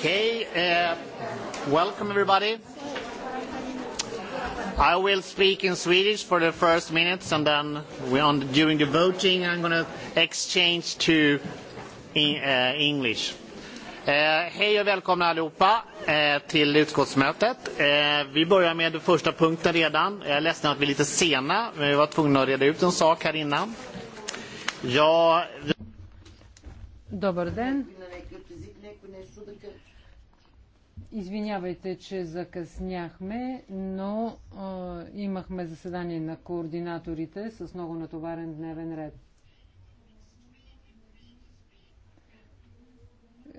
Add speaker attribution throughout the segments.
Speaker 1: Okay, welcome everybody. I will speak in Swedish for the first minutes and then during the voting I'm going to exchange to English. hej och välkomna allihopa till utskottsmötet. vi börjar med den första punkten redan. Jag är ledsen att vi är lite sena, men vi var tvungna att reda ut en sak här innan. Jag... Dobar ден. Извинявайте, че
Speaker 2: закъсняхме, но а, имахме заседание на координаторите с много натоварен дневен ред.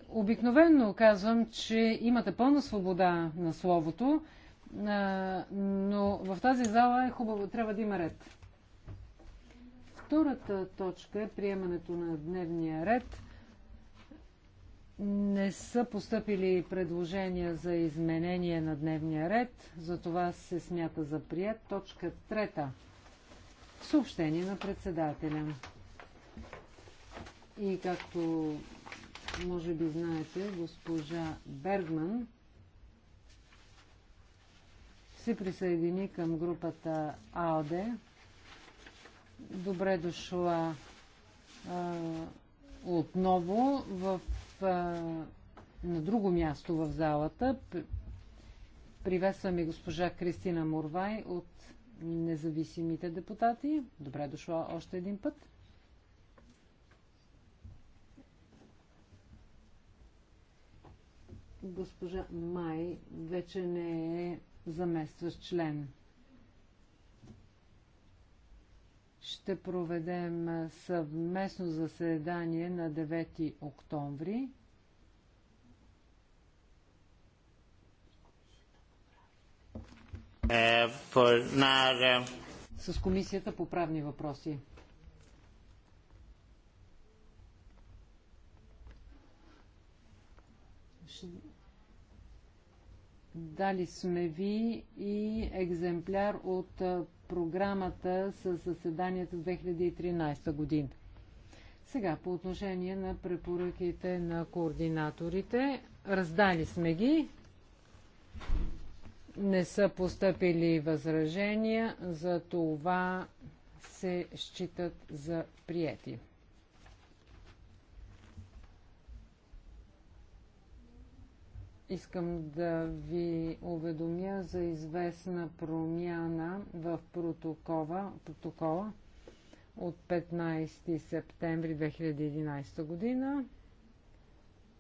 Speaker 2: Обикновенно казвам, че имате пълна свобода на словото, а, но в тази зала е хубаво, трябва да има ред. Втората точка е приемането на дневния ред. Не са поступили предложения за изменение на дневния ред, затова се смята за прият. Точка трета. Съобщение на председателя. И както може би знаете, госпожа Бергман се присъедини към групата АОД. Добре дошла а, отново в на друго място в залата. Приветстваме госпожа Кристина Морвай от независимите депутати. Добре дошла още един път. Госпожа Май вече не е заместващ член ще проведем съвместно заседание на 9 октомври.
Speaker 1: Е, е,
Speaker 2: С Комисията по правни въпроси. Дали сме ви и екземпляр от програмата с заседанията 2013 година. Сега по отношение на препоръките на координаторите. Раздали сме ги. Не са поступили възражения, за това се считат за прияти. Искам да ви уведомя за известна промяна в протокола, протокола от 15 септември 2011 година.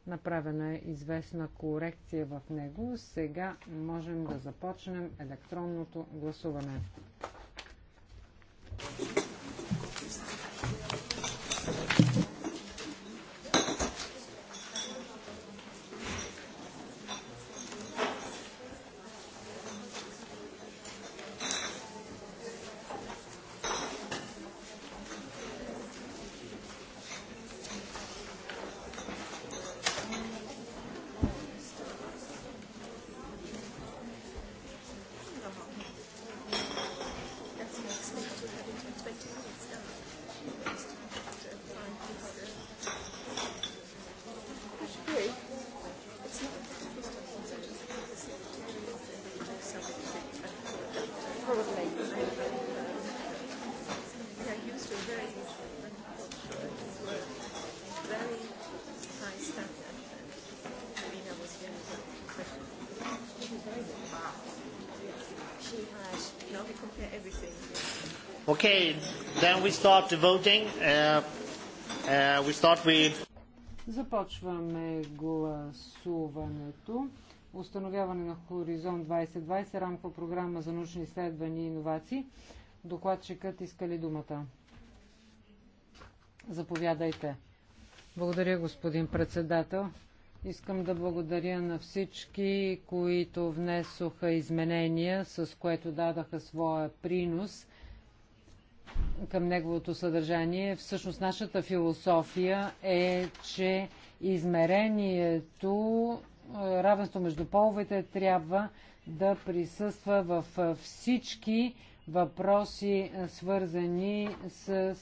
Speaker 2: Направена е известна корекция в него. Сега можем да започнем електронното гласуване.
Speaker 1: Okay, then we start the voting. Uh, uh, we start with...
Speaker 2: Започваме гласуването. Установяване на Хоризонт 2020, рамка програма за научни изследвания и иновации. Докладчикът иска ли думата? Заповядайте. Благодаря, господин председател. Искам да благодаря на всички, които внесоха изменения, с което дадаха своя принос към неговото съдържание. Всъщност нашата философия е, че измерението, е, равенство между половете трябва да присъства в е, всички въпроси, е, свързани с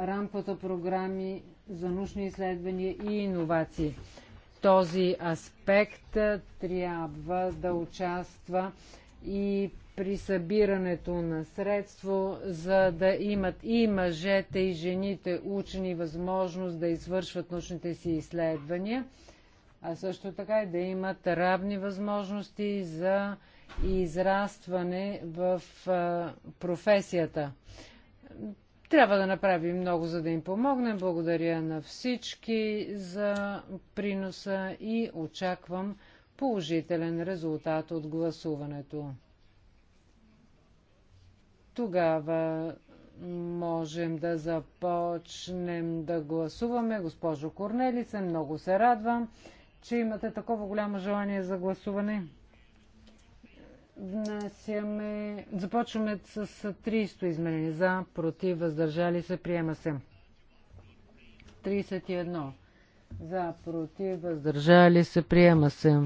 Speaker 2: рамката програми за научни изследвания и иновации. Този аспект трябва да участва и при събирането на средство, за да имат и мъжете, и жените учени възможност да извършват научните си изследвания, а също така и да имат равни възможности за израстване в а, професията. Трябва да направим много, за да им помогнем. Благодаря на всички за приноса и очаквам положителен резултат от гласуването. Тогава можем да започнем да гласуваме. Госпожо Корнелице, много се радвам, че имате такова голямо желание за гласуване. Внасяме... Започваме с 30 изменения. За, против, въздържали се, приема се. 31. За, против, въздържали се, приема се.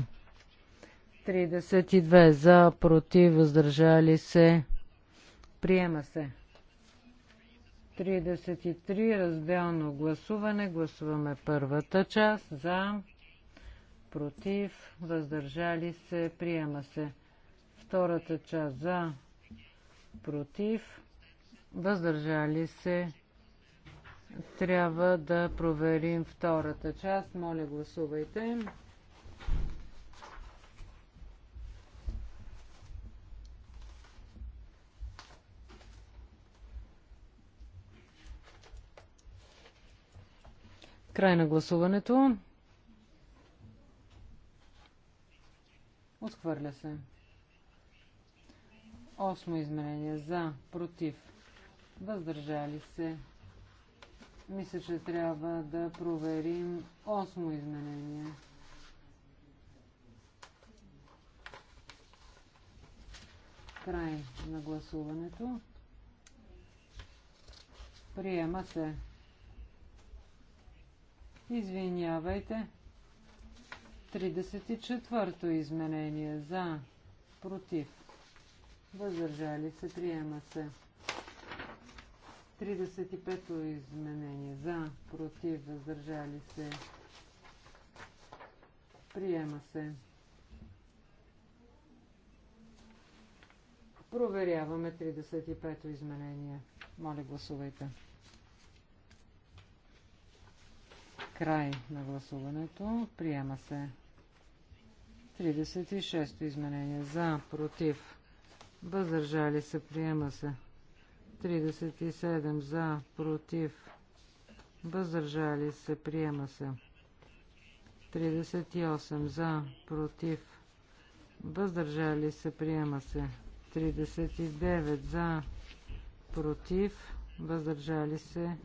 Speaker 2: 32. За, против, въздържали се. Приема се. 33. Разделно гласуване. Гласуваме първата част. За. Против. Въздържали се. Приема се. Втората част. За. Против. Въздържали се. Трябва да проверим втората част. Моля, гласувайте. Край на гласуването. Отхвърля се. Осмо изменение. За, против, въздържали се. Мисля, че трябва да проверим осмо изменение. Край на гласуването. Приема се. Извинявайте. 34-то изменение за, против, въздържали се, приема се. 35-то изменение за, против, въздържали се, приема се. Проверяваме 35-то изменение. Моля, гласувайте. Край на гласуването. Приема се. 36-то изменение. За, против, въздържали се. Приема се. 37 за, против, въздържали се. Приема се. 38 за, против, въздържали се. Приема се. 39 за, против, въздържали се.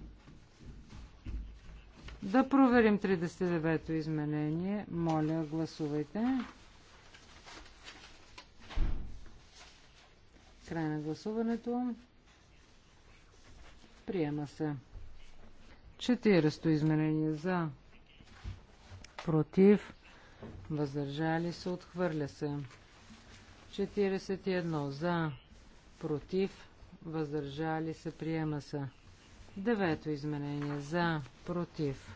Speaker 2: Да проверим 39-то изменение. Моля, гласувайте. Край на гласуването. Приема се. 40-то изменение за. Против. Въздържали се. Отхвърля се. 41 за. Против. Въздържали се. Приема се. Девето изменение за, против,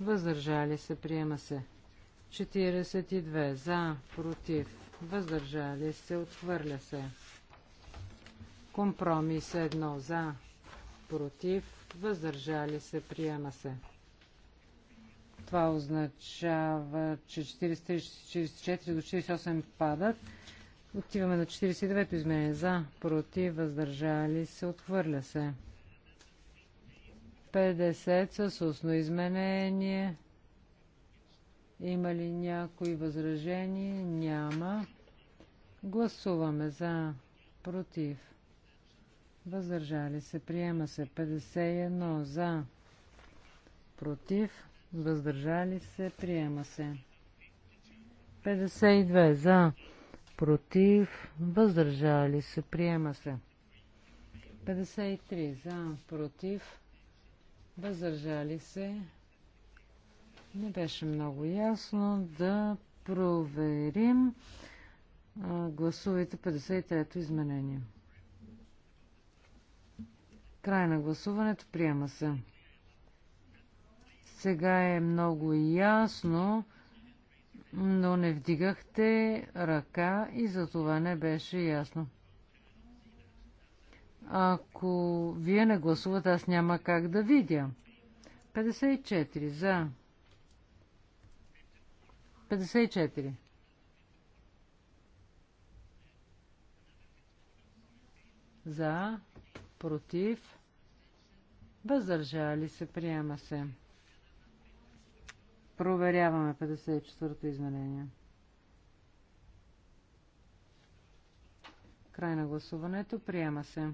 Speaker 2: въздържали се, приема се. 42 за, против, въздържали се, отхвърля се. Компромис 1 за, против, въздържали се, приема се. Това означава, че 43, 44 до 48 падат. Отиваме на 49-то изменение за, против, въздържали се, отхвърля се. 50 с устно изменение. Има ли някои възражения? Няма. Гласуваме за, против. Въздържали се. Приема се 51 за, против. Въздържали се. Приема се. 52 за, против. Въздържали се. Приема се. 53 за, против Въздържали се. Не беше много ясно да проверим гласувайте 53-то изменение. Край на гласуването приема се. Сега е много ясно, но не вдигахте ръка и за това не беше ясно. Ако вие не гласувате, аз няма как да видя. 54 за. 54. За. Против. Въздържали се. Приема се. Проверяваме 54-то изменение. Край на гласуването. Приема се.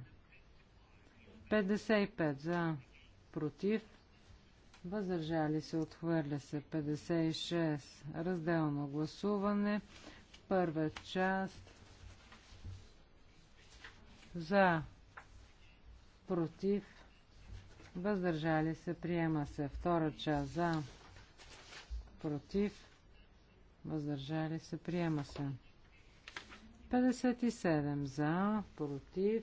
Speaker 2: 55 за, против, въздържали се, отхвърля се. 56 разделно гласуване, първа част за, против, въздържали се, приема се. Втора част за, против, въздържали се, приема се. 57 за, против,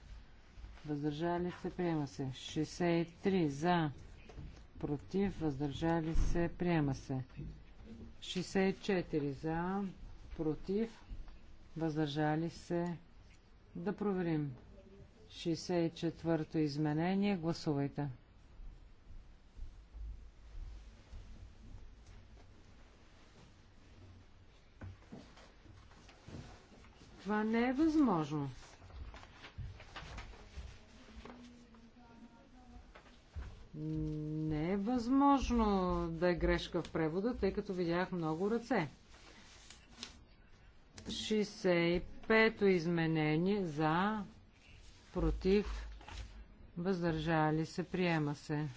Speaker 2: въздържали се, приема се. 63 за, против, въздържали се, приема се. 64 за, против, въздържали се. Да проверим. 64-то изменение. Гласувайте. Това не е възможно. Не е възможно да е грешка в превода, тъй като видях много ръце. 65-то изменение за, против, въздържали се, приема се.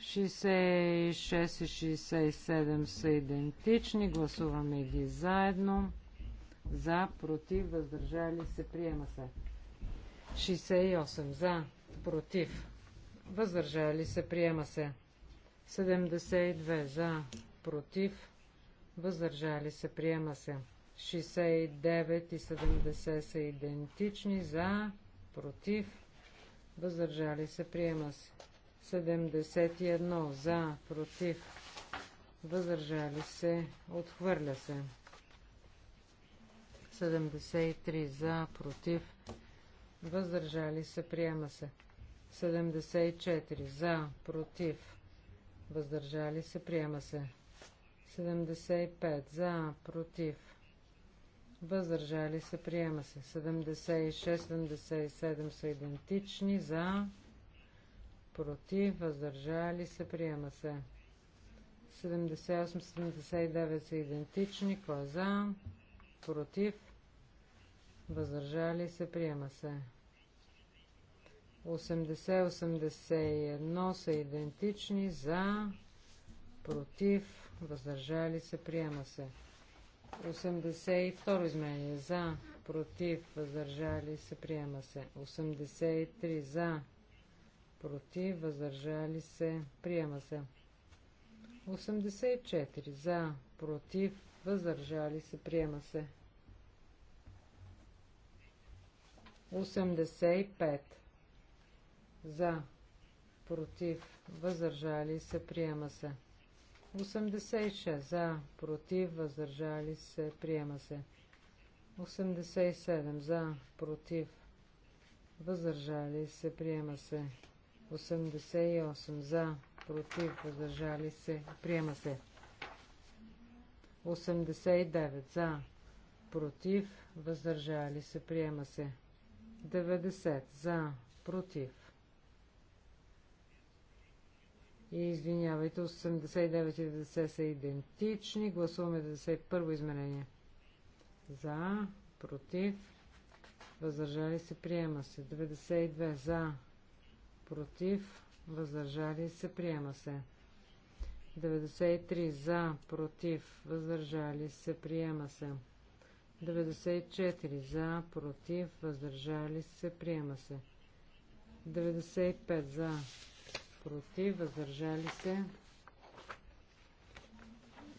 Speaker 2: 66 и 67 са идентични, гласуваме ги заедно. За, против, въздържали се, приема се. 68 за, против, въздържали се, приема се. 72 за, против, въздържали се, приема се. 69 и 70 са идентични, за, против, въздържали се, приема се. 71 за, против, въздържали се, отхвърля се. 73 за, против, въздържали се, приема се. 74 за, против, въздържали се, приема се. 75 за, против, въздържали се, приема се. 76, 77 са идентични, за, против, въздържали се, приема се. 78, 79 са идентични, кой е за, против, въздържали се, приема се. 80-81 са идентични за, против, въздържали се, приема се. 82 изменение за, против, въздържали се, приема се. 83 за, против, въздържали се, приема се. 84 за, против, въздържали се, приема се. 85 за, против, въздържали се, приема се. 86 за, против, въздържали се, приема се. 87 за, против, въздържали се, приема се. 88 за, против, въздържали се, приема се. 89 за, против, въздържали се, приема се. 90 за, против, И Извинявайте, 89 и 90 са идентични. Гласуваме 91 изменение. За, против, въздържали се, приема се. 92 за, против, въздържали се, приема се. 93 за, против, въздържали се, приема се. 94 за, против, въздържали се, приема се. 95 за, против, въздържали се.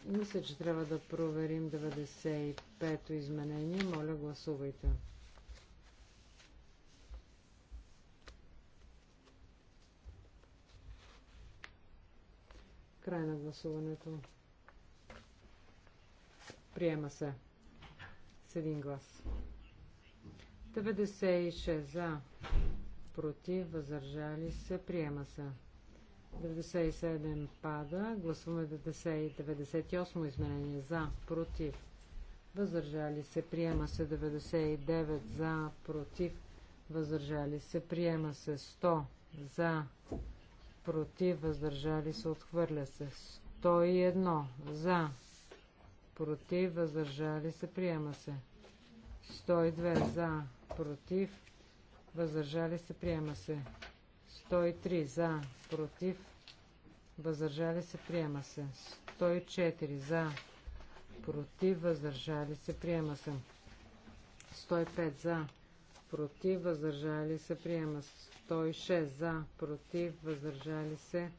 Speaker 2: Мисля, че трябва да проверим 95-то изменение. Моля, гласувайте. Край на гласуването. Приема се. С един глас. 96 за. Против, въздържали се. Приема се. 97 пада. Гласуваме 98 изменение за, против. Въздържали се, приема се 99 за, против. Въздържали се, приема се 100 за, против. Въздържали се, отхвърля се 101 за, против. Въздържали се, приема се 102 за, против. Въздържали се, приема се 103 за, против, въздържали се, приема се. 104 за, против, въздържали се, приема се. 105 за, против, въздържали се, приема се. 106 за, против, въздържали се,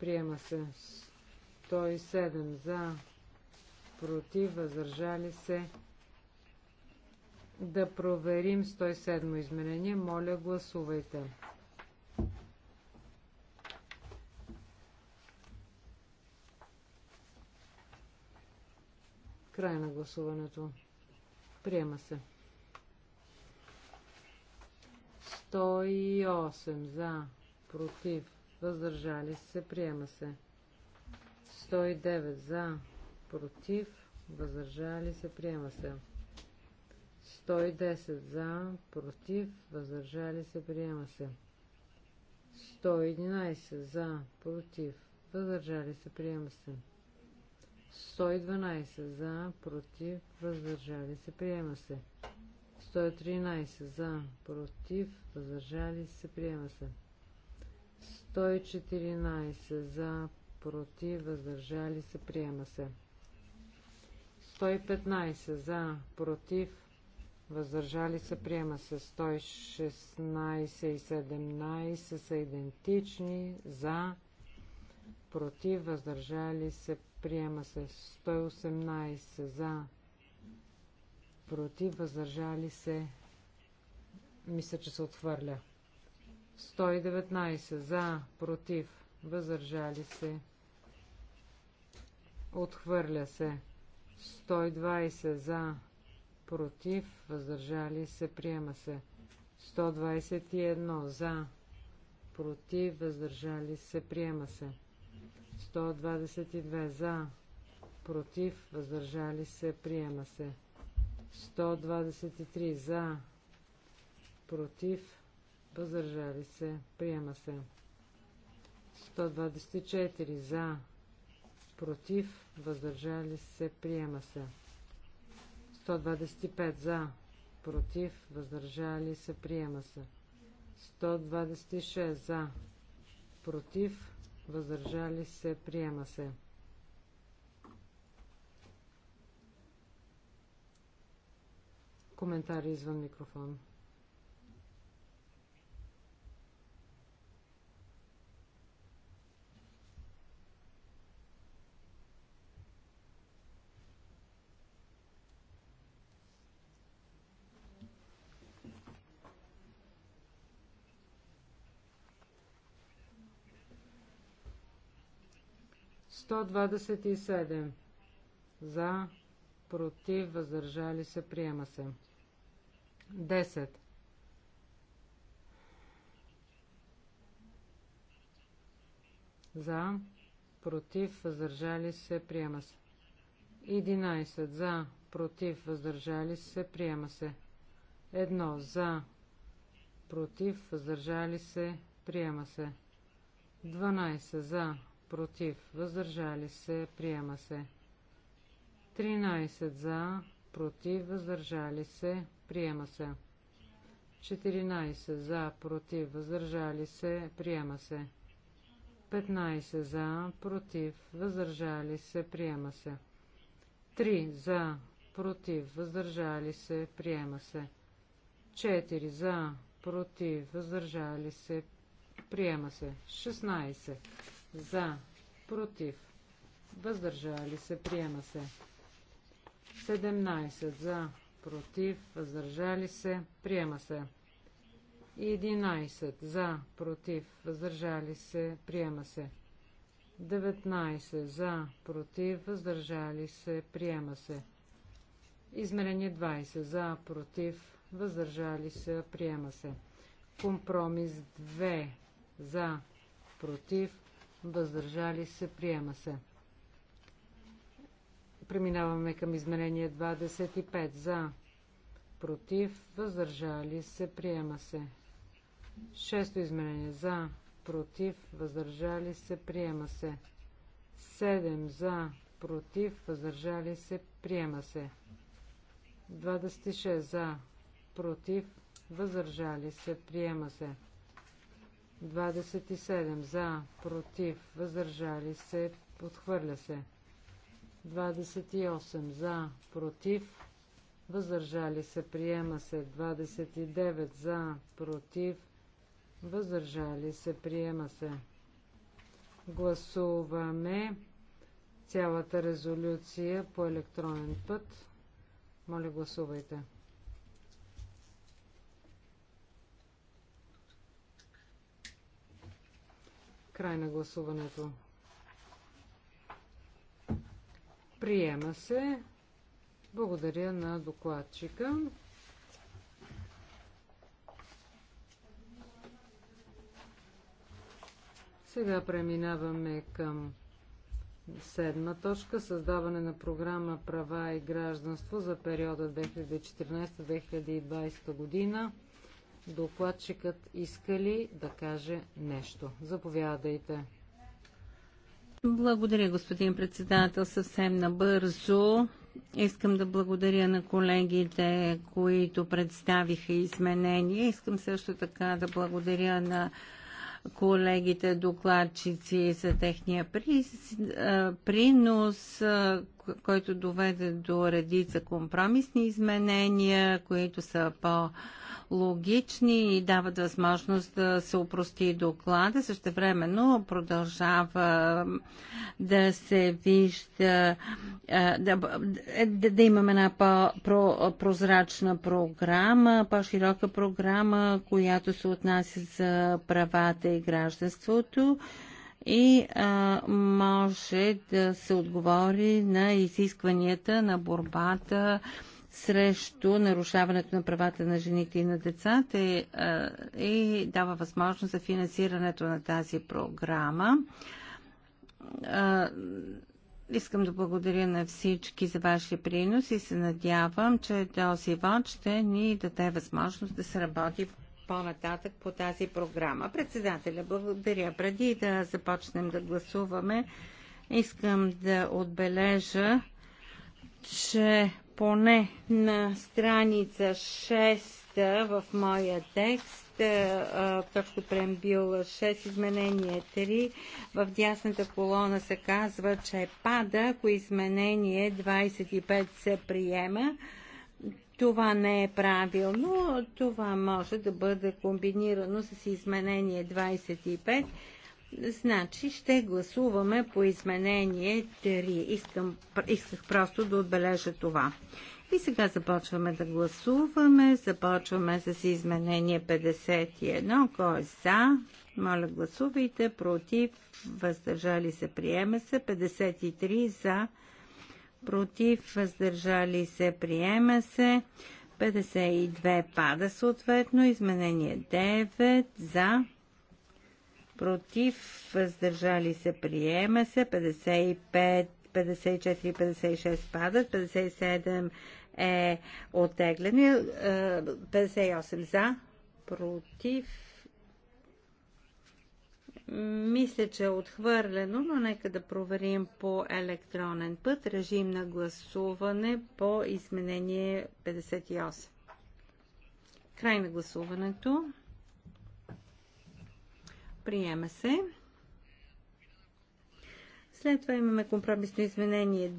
Speaker 2: приема се. 107 за, против, въздържали се. Да проверим 107 изменение. Моля, гласувайте. Край на гласуването. Приема се. 108 за, против, въздържали се, приема се. 109 за, против, въздържали се, приема се. 110 за, против, въздържали се, приема се. 111 за, против, въздържали се, приема се. 112 за, против, въздържали се, приема се. 113 за, против, въздържали се, приема се. 114 за, против, въздържали се, приема се. 115 за, против, въздържали се, приема се. 116 и 17 са идентични, за, против, въздържали се, приема се 118 за, против, въздържали се, мисля, че се отхвърля. 119 за, против, въздържали се, отхвърля се. 120 за, против, въздържали се, приема се. 121 за, против, въздържали се, приема се. 122 за, против, въздържали се, приема се. 123 за, против, въздържали се, приема се. 124 за, против, въздържали се, приема се. 125 за, против, въздържали се, приема се. 126 за, против, въздържали се, приема се. Коментари извън микрофон. 127. За, против, въздържали се, приема се. 10. За, против, въздържали се, приема се. 11. За, против, въздържали се, приема се. 1. За, против, въздържали се, приема се. 12. За, против, въздържали се, приема се. 13 за, против, въздържали се, приема се. 14 за, против, въздържали се, приема се. 15 за, против, въздържали се, приема се. 3 за, против, въздържали се, приема се. 4 за, против, въздържали се, приема се. 16 за, против, въздържали се, приема се. 17 за, против, въздържали се, приема се. 11 за, против, въздържали се, приема се. 19 за, против, въздържали се, приема се. Измерение 20 за, против, въздържали се, приема се. Компромис 2 за, против, въздържали се, приема се. Преминаваме към изменение 25. За, против, въздържали се, приема се. Шесто изменение. За, против, въздържали се, приема се. 7. За, против, въздържали се, приема се. 26. За, против, въздържали се, приема се. 27 за, против, въздържали се, отхвърля се. 28 за, против, въздържали се, приема се. 29 за, против, въздържали се, приема се. Гласуваме цялата резолюция по електронен път. Моля, гласувайте. Край на гласуването. Приема се. Благодаря на докладчика. Сега преминаваме към седма точка. Създаване на програма Права и гражданство за периода 2014-2020 година. Докладчикът иска ли да каже нещо? Заповядайте.
Speaker 3: Благодаря, господин председател. Съвсем набързо. Искам да благодаря на колегите, които представиха изменения. Искам също така да благодаря на колегите докладчици за техния принос, който доведе до редица компромисни изменения, които са по- логични и дават възможност да се упрости доклада. Също времено продължава да се вижда, да, да, да имаме една по-прозрачна програма, по-широка програма, която се отнася за правата и гражданството и а, може да се отговори на изискванията на борбата а, срещу нарушаването на правата на жените и на децата и, дава възможност за финансирането на тази програма. Искам да благодаря на всички за вашия принос и се надявам, че този вод ще ни даде възможност да се работи по-нататък по тази програма. Председателя, благодаря. Преди да започнем да гласуваме, искам да отбележа, че поне на страница 6 в моя текст, е, е, точка преамбюла 6, изменение 3, в дясната колона се казва, че пада, ако изменение 25 се приема. Това не е правилно, това може да бъде комбинирано с изменение 25 Значи ще гласуваме по изменение 3. Искам, исках просто да отбележа това. И сега започваме да гласуваме. Започваме с изменение 51. Кой е за? Моля гласувайте. Против? Въздържали се? Приема се. 53 за. Против? Въздържали се? Приема се. 52 пада съответно. Изменение 9 за против, въздържали се, приема се, 55, 54, 56 падат, 57 е отеглени, е, 58 за, против, мисля, че е отхвърлено, но нека да проверим по електронен път режим на гласуване по изменение 58. Край на гласуването. Приема се. След това имаме компромисно изменение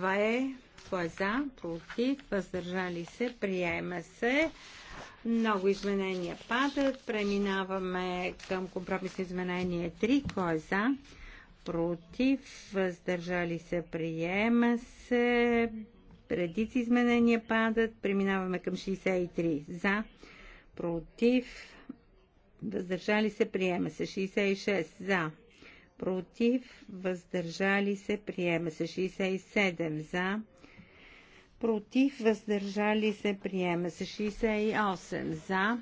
Speaker 3: 2. Това е за? Против? Въздържали се? Приема се. Много изменения падат. Преминаваме към компромисно изменение 3. Кой е за? Против? Въздържали се? Приема се. Предици изменения падат. Преминаваме към 63. За? Против? въздържали се, приема се. 66 за, против, въздържали се, приема се. 67 за, против, въздържали се, приема се. 68 за,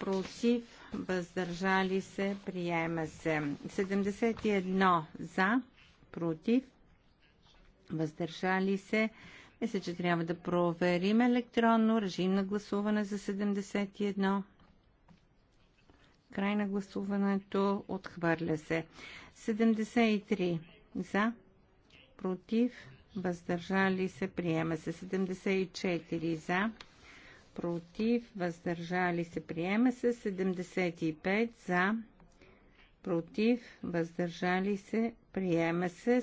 Speaker 3: против, въздържали се, приема се. 71 за, против, въздържали се. Мисля, че трябва да проверим електронно режим на гласуване за 71. Край на гласуването. Отхвърля се. 73 за. Против. Въздържали се. Приема се. 74 за. Против. Въздържали се. Приема се. 75 за. Против. Въздържали се. Приема се.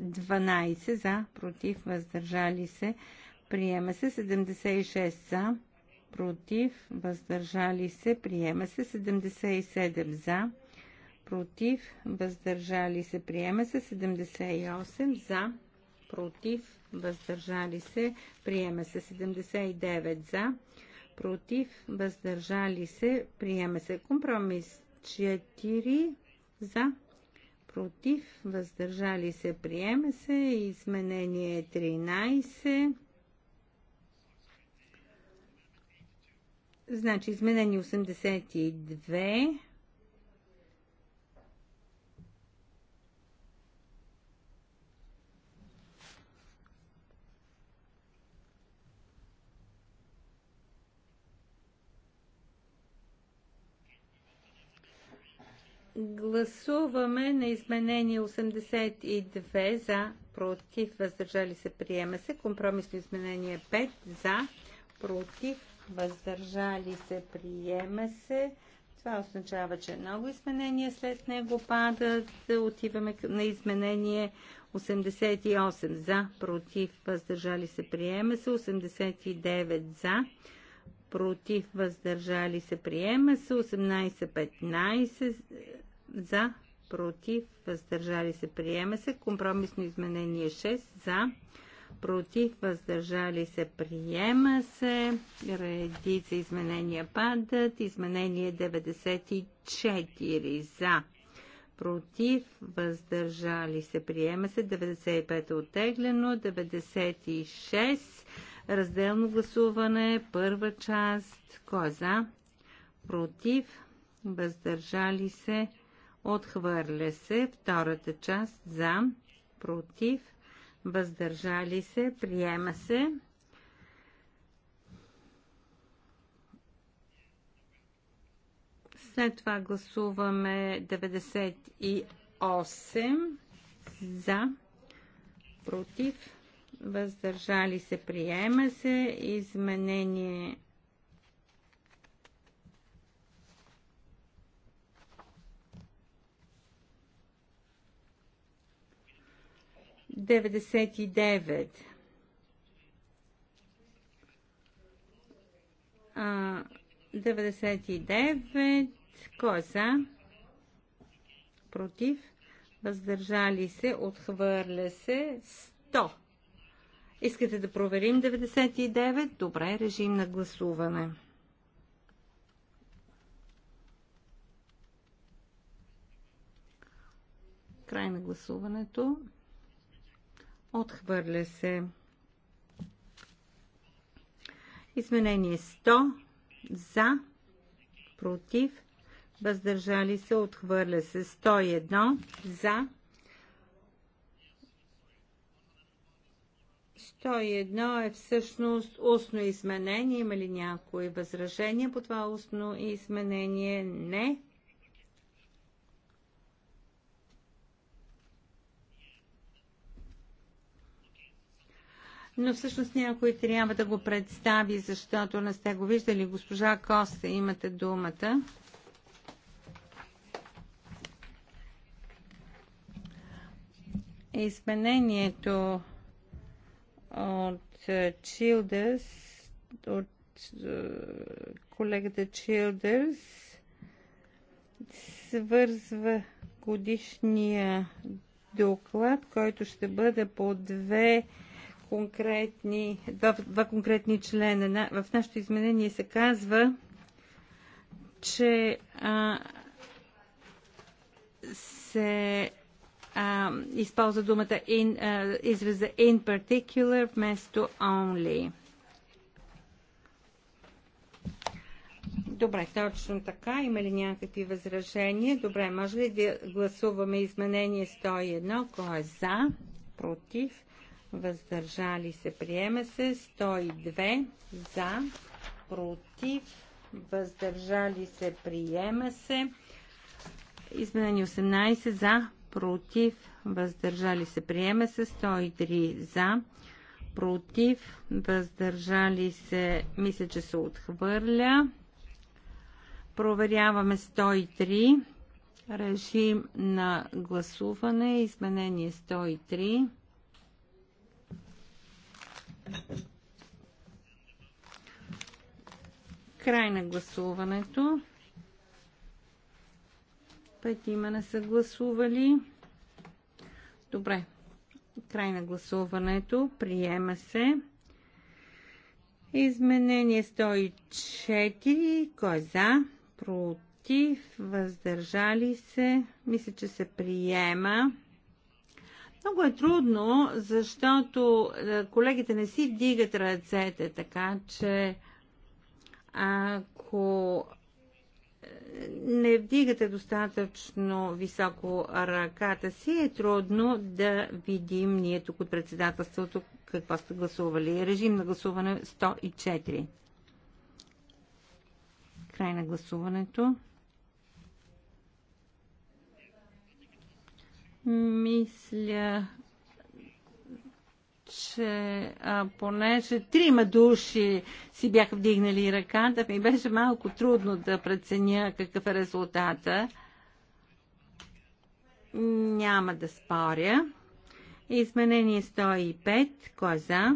Speaker 3: 12 за. Против. Въздържали се. Приема се. 76 за против, въздържали се, приема се 77 за, против, въздържали се, приема се 78 за, против, въздържали се, приема се 79 за, против, въздържали се, приема се компромис 4 за, против, въздържали се, приема се, изменение 13 Значи, изменени 82. Гласуваме на изменение 82 за, против, въздържали се, приема се. Компромисно изменение 5 за, против, въздържали се, приема се. Това означава, че много изменения след него падат. Отиваме на изменение 88 за, против, въздържали се, приема се. 89 за, против, въздържали се, приема се. 18-15 за, против, въздържали се, приема се. Компромисно изменение 6 за, против, въздържали се, приема се, редица изменения падат, изменение 94 за, против, въздържали се, приема се, 95 е оттеглено, 96, разделно гласуване, първа част, кой е за, против, въздържали се, отхвърля се, втората част за, против, въздържали се, приема се. След това гласуваме 98 за, против, въздържали се, приема се. Изменение 99. Кой е за? Против. Въздържали се. Отхвърля се. 100. Искате да проверим 99? Добре, режим на гласуване. Край на гласуването. Отхвърля се. Изменение 100 за, против, въздържали се, отхвърля се 101 за. 101 е всъщност устно изменение. Има ли някои възражения по това устно изменение? Не. но всъщност някой трябва да го представи, защото не сте го виждали. Госпожа Коста, имате думата. Изменението от е, Чилдърс от е, колегата Чилдърс, свързва годишния доклад, който ще бъде по две конкретни, два, два конкретни члена. В нашето изменение се казва, че а, се а, използва думата in, а, израза in particular вместо only. Добре, точно така. Има ли някакви възражения? Добре, може ли да гласуваме изменение 101? Кой е за? Против? въздържали се, приема се 102 за, против, въздържали се, приема се. Изменени 18 за, против, въздържали се, приема се 103 за, против, въздържали се, мисля, че се отхвърля. Проверяваме 103. Режим на гласуване. Изменение 103. Край на гласуването. Петима не са гласували. Добре. Край на гласуването. Приема се. Изменение 104. Кой е за? Против? Въздържали се? Мисля, че се приема. Много е трудно, защото е, колегите не си вдигат ръцете, така че ако е, не вдигате достатъчно високо ръката си, е трудно да видим ние тук от председателството какво сте гласували. Режим на гласуване 104. Край на гласуването. Мисля, че а, понеже трима души си бяха вдигнали ръката, ми беше малко трудно да преценя какъв е резултата. Няма да споря. Изменение 105. Кой е за?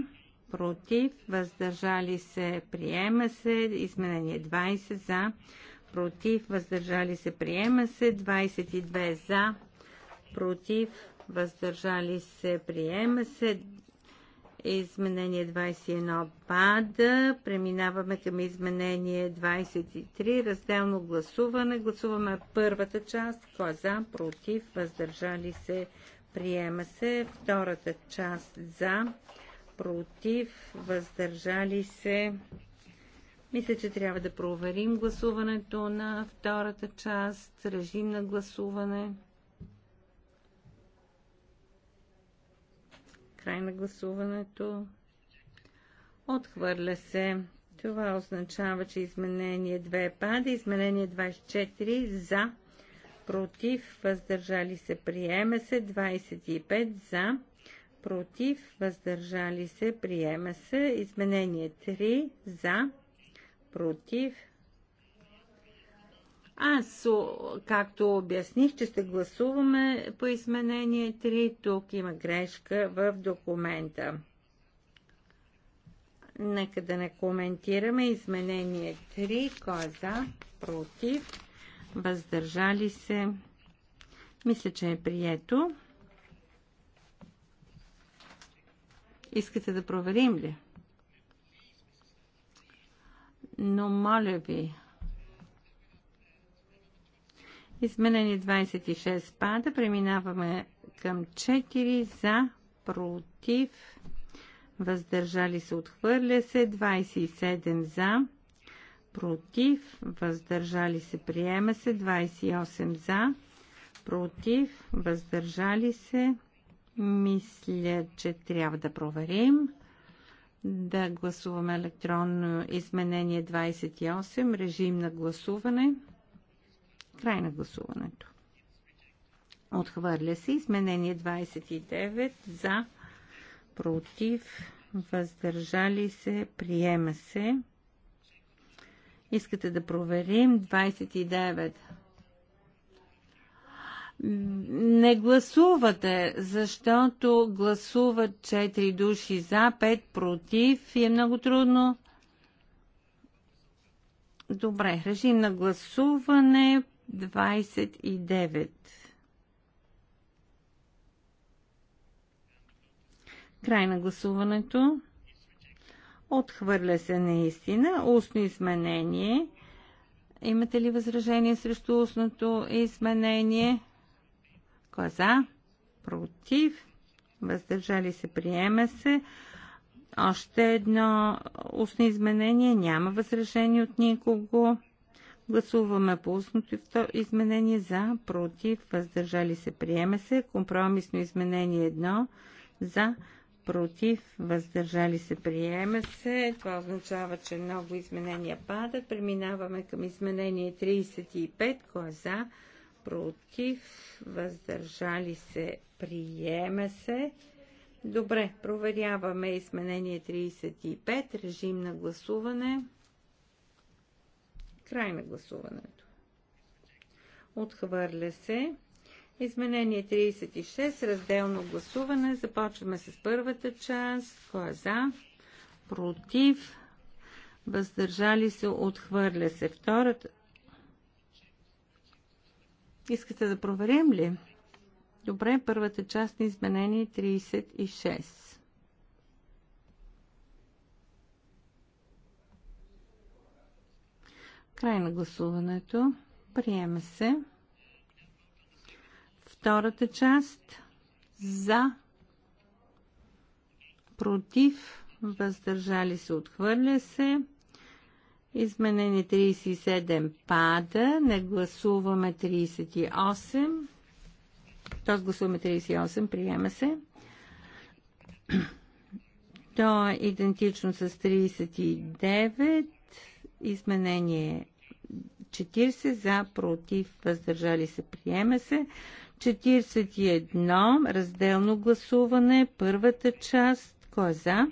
Speaker 3: Против. Въздържали се. Приема се. Изменение 20. За. Против. Въздържали се. Приема се. 22. За против, въздържали се, приема се. Изменение 21 пада. Преминаваме към изменение 23. Разделно гласуване. Гласуваме първата част. Кой е за, против, въздържали се, приема се. Втората част за, против, въздържали се. Мисля, че трябва да проверим гласуването на втората част. Режим на гласуване. Край на гласуването. Отхвърля се. Това означава, че изменение 2 пада. Изменение 24 за. Против. Въздържали се. Приема се. 25 за. Против. Въздържали се. Приема се. Изменение 3 за. Против аз, както обясних, че ще гласуваме по изменение 3, тук има грешка в документа. Нека да не коментираме изменение 3, кой е за, против, въздържали се. Мисля, че е прието. Искате да проверим ли? Но моля ви, Изменени 26 пада. Преминаваме към 4 за, против, въздържали се, отхвърля се. 27 за, против, въздържали се, приема се. 28 за, против, въздържали се. Мисля, че трябва да проверим. Да гласуваме електронно изменение 28. Режим на гласуване. Край на гласуването. Отхвърля се изменение 29 за, против, въздържали се, приема се. Искате да проверим 29. Не гласувате, защото гласуват 4 души за, 5 против и е много трудно. Добре, режим на гласуване 29. Край на гласуването. Отхвърля се наистина. Устно изменение. Имате ли възражение срещу устното изменение? Коза, е Против? Въздържали се? Приема се. Още едно устно изменение. Няма възражение от никого. Гласуваме по устното изменение за, против, въздържали се, приеме се. Компромисно изменение едно за, против, въздържали се, приеме се. Това означава, че много изменения падат. Преминаваме към изменение 35. кое е за? Против, въздържали се, приеме се. Добре, проверяваме изменение 35. Режим на гласуване. Край на гласуването. Отхвърля се. Изменение 36, разделно гласуване. Започваме с първата част. Кой е за? Против? Въздържали се? Отхвърля се. Втората. Искате да проверим ли? Добре, първата част на изменение 36. Край на гласуването. Приема се. Втората част за против въздържали се отхвърля се. Изменение 37 пада. Не гласуваме 38. Тоест гласуваме 38. Приема се. То е идентично с 39. Изменение 40 за, против, въздържали се, приема се. 41 разделно гласуване, първата част, кой е за?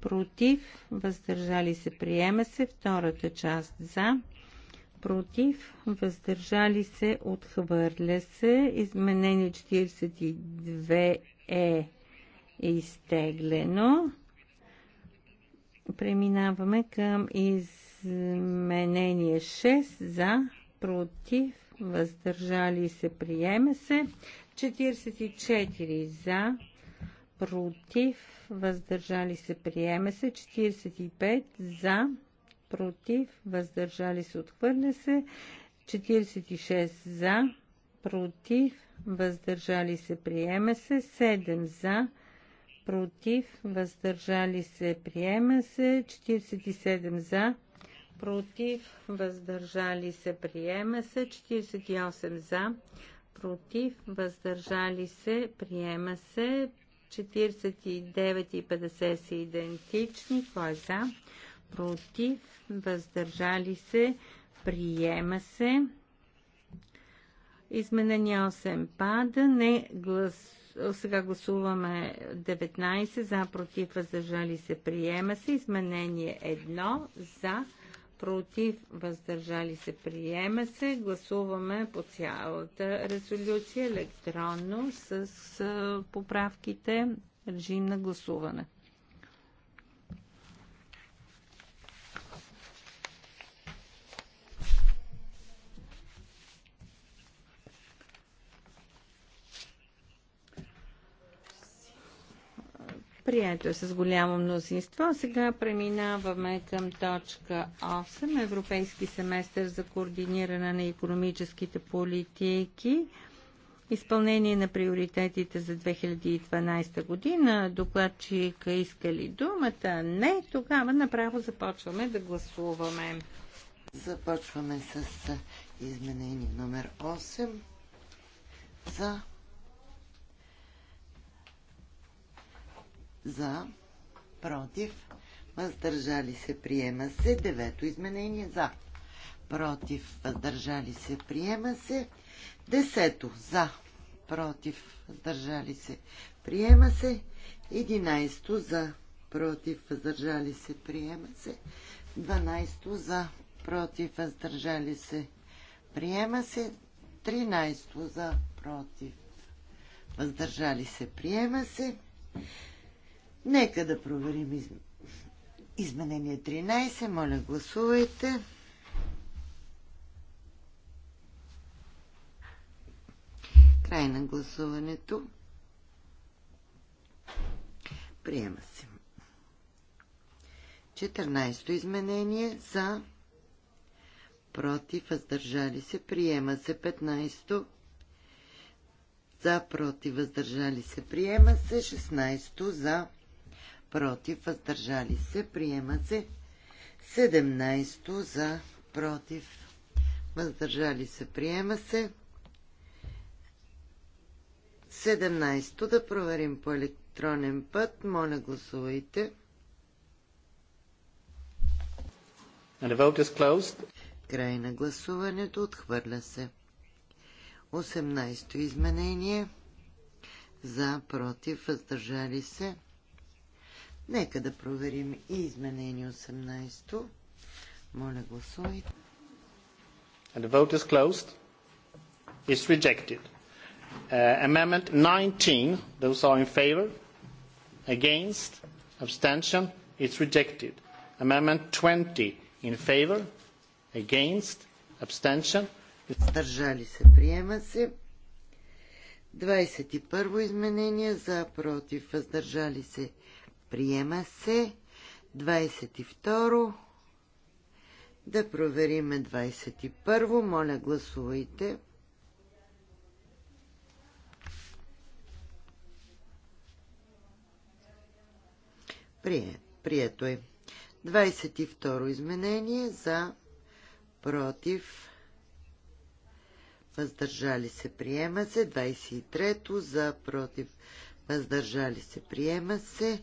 Speaker 3: Против, въздържали се, приема се. Втората част за, против, въздържали се, отхвърля се. Изменение 42 е изтеглено. Преминаваме към из Изменение 6 за, против, въздържали се, приема се. 44 за, против, въздържали се, приема се. 45 за, против, въздържали се, отхвърля се. 46 за, против, въздържали се, приема се. 7 за, против, въздържали се, приема се. 47 за, против, въздържали се, приема се, 48 за, против, въздържали се, приема се, 49 и 50 са идентични, кой е за, против, въздържали се, приема се. Изменение 8 пада, не глас... сега гласуваме 19, за, против, въздържали се, приема се, изменение 1, за, против, въздържали се, приема се. Гласуваме по цялата резолюция електронно с поправките. Режим на гласуване. Прието е с голямо мнозинство. Сега преминаваме към точка 8. Европейски семестър за координиране на економическите политики. Изпълнение на приоритетите за 2012 година. Докладчика иска ли думата? Не. Тогава направо започваме да гласуваме. Започваме
Speaker 4: с изменение номер 8 за за, против, въздържали се, приема се. Девето изменение за, против, въздържали се, приема се. Десето за, против, въздържали се, приема се. Единайсто за, против, въздържали се, приема се. Дванайсто за, против, въздържали се, приема се. Тринайсто за, против, въздържали се, приема се. Нека да проверим из... изменение 13. Моля, гласувайте. Край на гласуването. Приема се. 14-то изменение за против, въздържали се, приема се 15-то, за против, въздържали се, приема се 16-то, за против, въздържали се, приема се. 17 за, против, въздържали се, приема се. 17 да проверим по електронен път. Моля, гласувайте.
Speaker 1: And the vote is closed. Край
Speaker 4: на гласуването отхвърля се. 18 изменение. За, против, въздържали се. Нека да проверим и изменение 18. Моля, гласувайте.
Speaker 1: And the vote is closed. It's rejected. Uh, amendment 19, those are in favor. Against, abstention, it's rejected. Amendment 20, in favor. Against, abstention. Въздържали се, приема се.
Speaker 4: 21 изменение за, против, въздържали се, Приема се. 22. Да провериме 21. Моля, гласувайте. Прие, прието е. 22 изменение за против въздържали се приема се. 23 за против въздържали се приема се.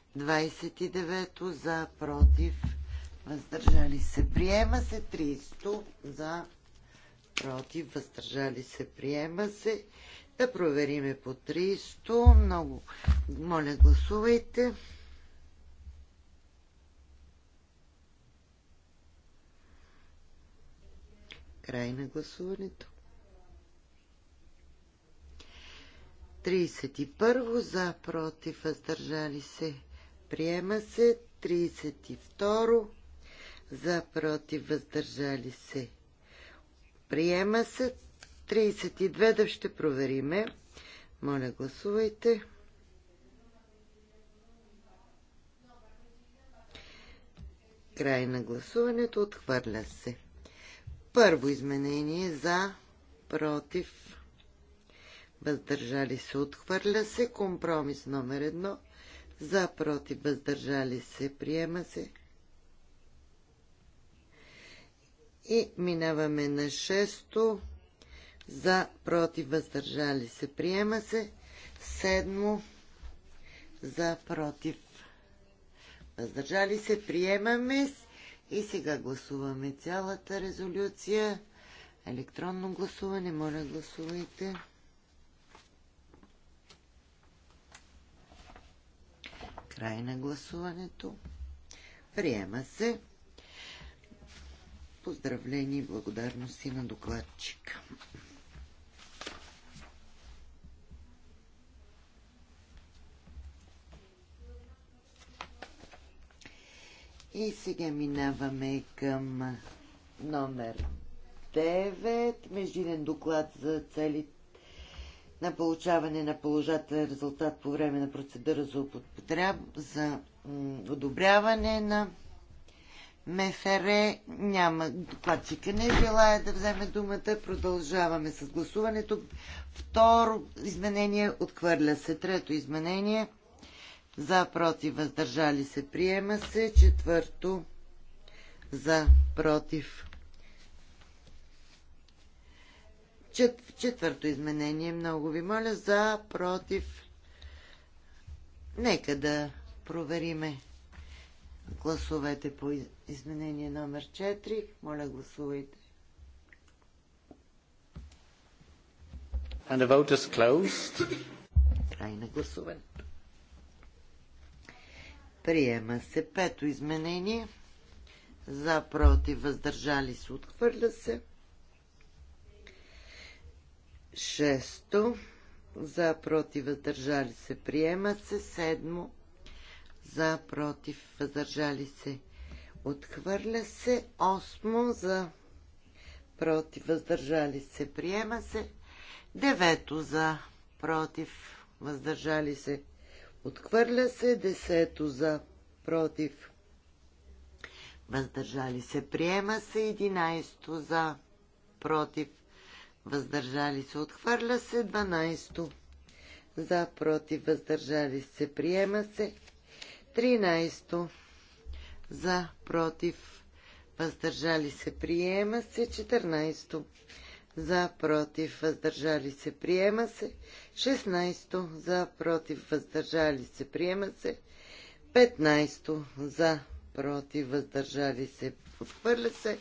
Speaker 4: 29 за, против, въздържали се, приема се. 300 за, против, въздържали се, приема се. Да провериме по 300. Много. Моля, гласувайте. Край на гласуването. 31 за, против, въздържали се приема се. 32 за против въздържали се. Приема се. 32 да ще провериме. Моля, гласувайте. Край на гласуването отхвърля се. Първо изменение за против въздържали се отхвърля се компромис номер едно за против въздържали се, приема се. И минаваме на шесто. За против въздържали се, приема се. Седмо. За против въздържали се, приемаме. И сега гласуваме цялата резолюция. Електронно гласуване, моля гласувайте. Край на гласуването. Приема се. Поздравление и благодарности на докладчика. И сега минаваме към номер 9, междинен доклад за целите на получаване на положателен резултат по време на процедура за, употреб, за одобряване на МФР. Няма докладчика не желая да вземе думата. Продължаваме с гласуването. Второ изменение отхвърля се. Трето изменение за против въздържали се приема се. Четвърто за против Чет, четвърто изменение, много ви моля, за, против. Нека да провериме гласовете по изменение номер 4. Моля, гласувайте.
Speaker 1: And the vote is closed.
Speaker 4: Край на гласуването. Приема се пето изменение. За, против, въздържали се, отхвърля се. Шесто за против въздържали се приемат се. Седмо за против въздържали се отхвърля се. Осмо за против въздържали се приема се. Девето за против въздържали се отхвърля се. Десето за против въздържали се приема се. Единайсто за против въздържали се, отхвърля се, 12 за, против, въздържали се, приема се, 13 то за, против, въздържали се, приема се, 14 за, против, въздържали се, приема се, 16 за, против, въздържали се, приема се, 15 за, против, въздържали се, отхвърля се,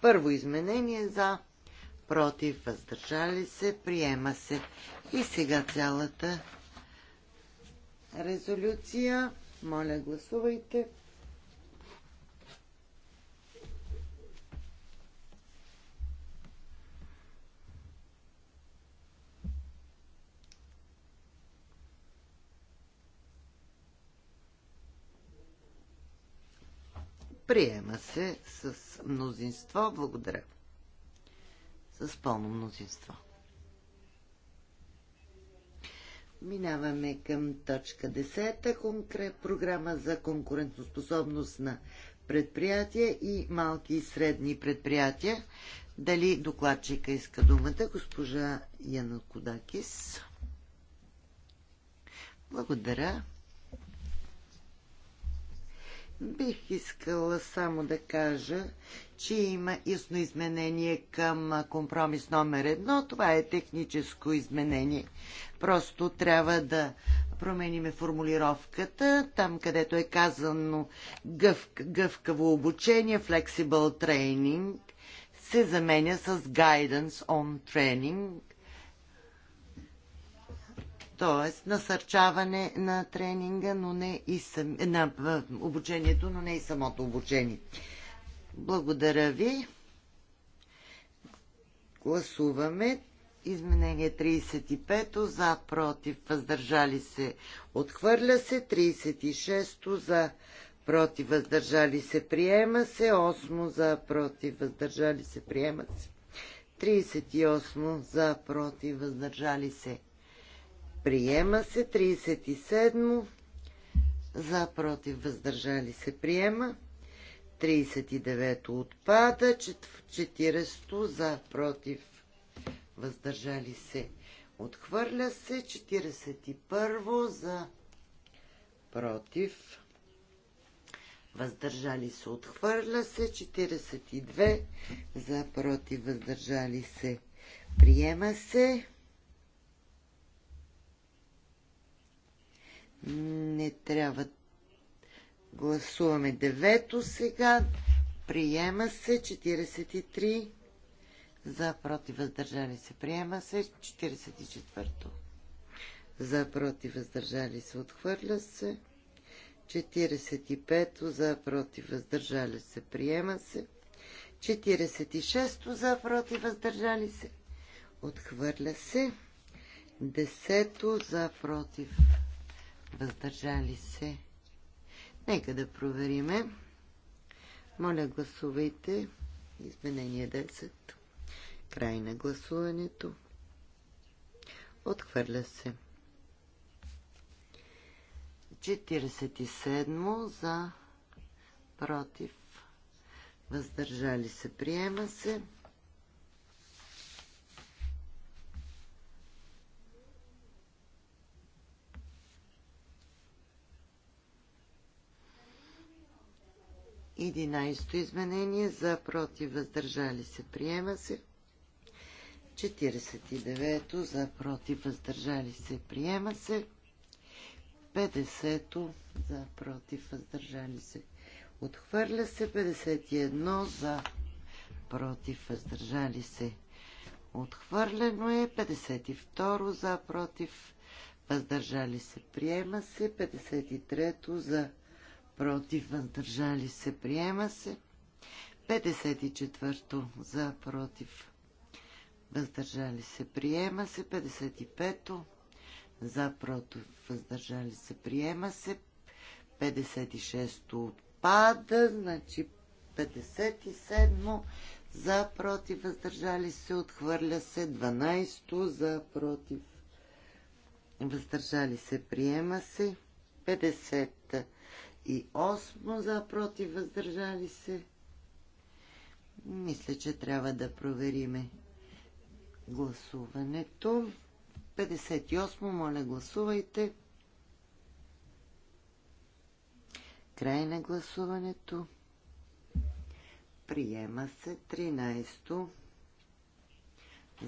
Speaker 4: първо изменение за, против, въздържали се, приема се. И сега цялата резолюция. Моля, гласувайте. Приема се с мнозинство. Благодаря с пълно мнозинство. Минаваме към точка 10. Конкрет програма за конкурентоспособност на предприятия и малки и средни предприятия. Дали докладчика иска думата? Госпожа Яна Кодакис. Благодаря. Бих искала само да кажа, че има ясно изменение към компромис номер едно. Това е техническо изменение. Просто трябва да промениме формулировката. Там, където е казано гъв, гъвкаво обучение, flexible training, се заменя с guidance on training, т.е. насърчаване на тренинга, но не и сам... на обучението, но не и самото обучение. Благодаря ви. Гласуваме Изменение 35 за, против, въздържали се, отхвърля се. 36 за, против, въздържали се, приема се. 8 за, против, въздържали се, приема се. 38 за, против, въздържали се, Приема се 37. За, против, въздържали се. Приема. 39 отпада. 40 за, против, въздържали се. Отхвърля се. 41 за, против, въздържали се. Отхвърля се. 42 за, против, въздържали се. Приема се. Не трябва. Гласуваме девето сега. Приема се 43. За против въздържали се. Приема се 44-то. За против въздържали се. Отхвърля се. 45-то. За против въздържали се. Приема се. 46-то. За против въздържали се. Отхвърля се. Десето за против въздържали се. Нека да провериме. Моля, гласувайте. Изменение 10. Край на гласуването. Отхвърля се. 47 за против. Въздържали се. Приема се. 11-то изменение за против въздържали се приема се. 49-то за против въздържали се приема се. 50-то за против въздържали се отхвърля се. 51 за против въздържали се отхвърлено е. 52 за против въздържали се приема се. 53 за против, въздържали се, приема се. 54-то за, против, въздържали се, приема се. 55-то за, против, въздържали се, приема се. 56-то отпада, значи 57-то за, против, въздържали се, отхвърля се. 12-то за, против, въздържали се, приема се. 50 осмо за, против, въздържали се. Мисля, че трябва да провериме гласуването. 58, моля, гласувайте. Край на гласуването. Приема се 13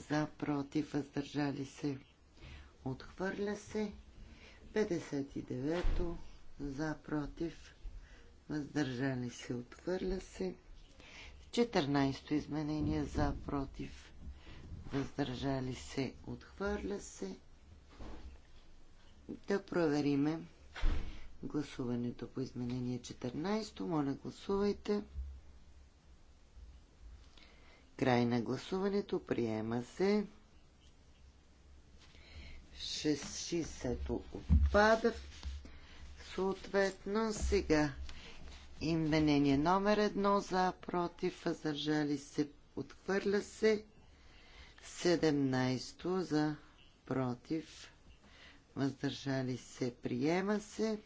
Speaker 4: за, против, въздържали се. Отхвърля се 59-то за, против, въздържали се, отхвърля се. 14 изменение за, против, въздържали се, отхвърля се. Да провериме гласуването по изменение 14. то Моля, гласувайте. Край на гласуването. Приема се. 6 то отпада. Съответно, сега именение номер едно за, против, въздържали се, отхвърля се. 17 за, против, въздържали се, приема се.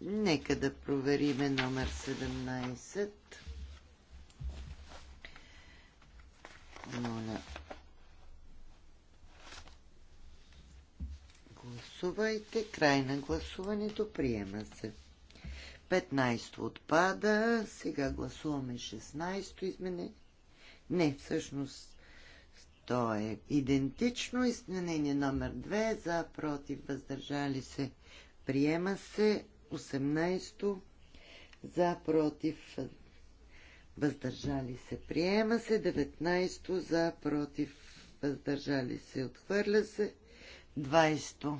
Speaker 4: Нека да провериме номер 17. Моля, гласувайте. Край на гласуването. Приема се. 15 отпада. Сега гласуваме 16-то изменение. Не, всъщност то е идентично. Изменение номер 2 за против въздържали се. Приема се 18-то за против въздържали се. Приема се 19-то за против въздържали се. Отхвърля се 20-то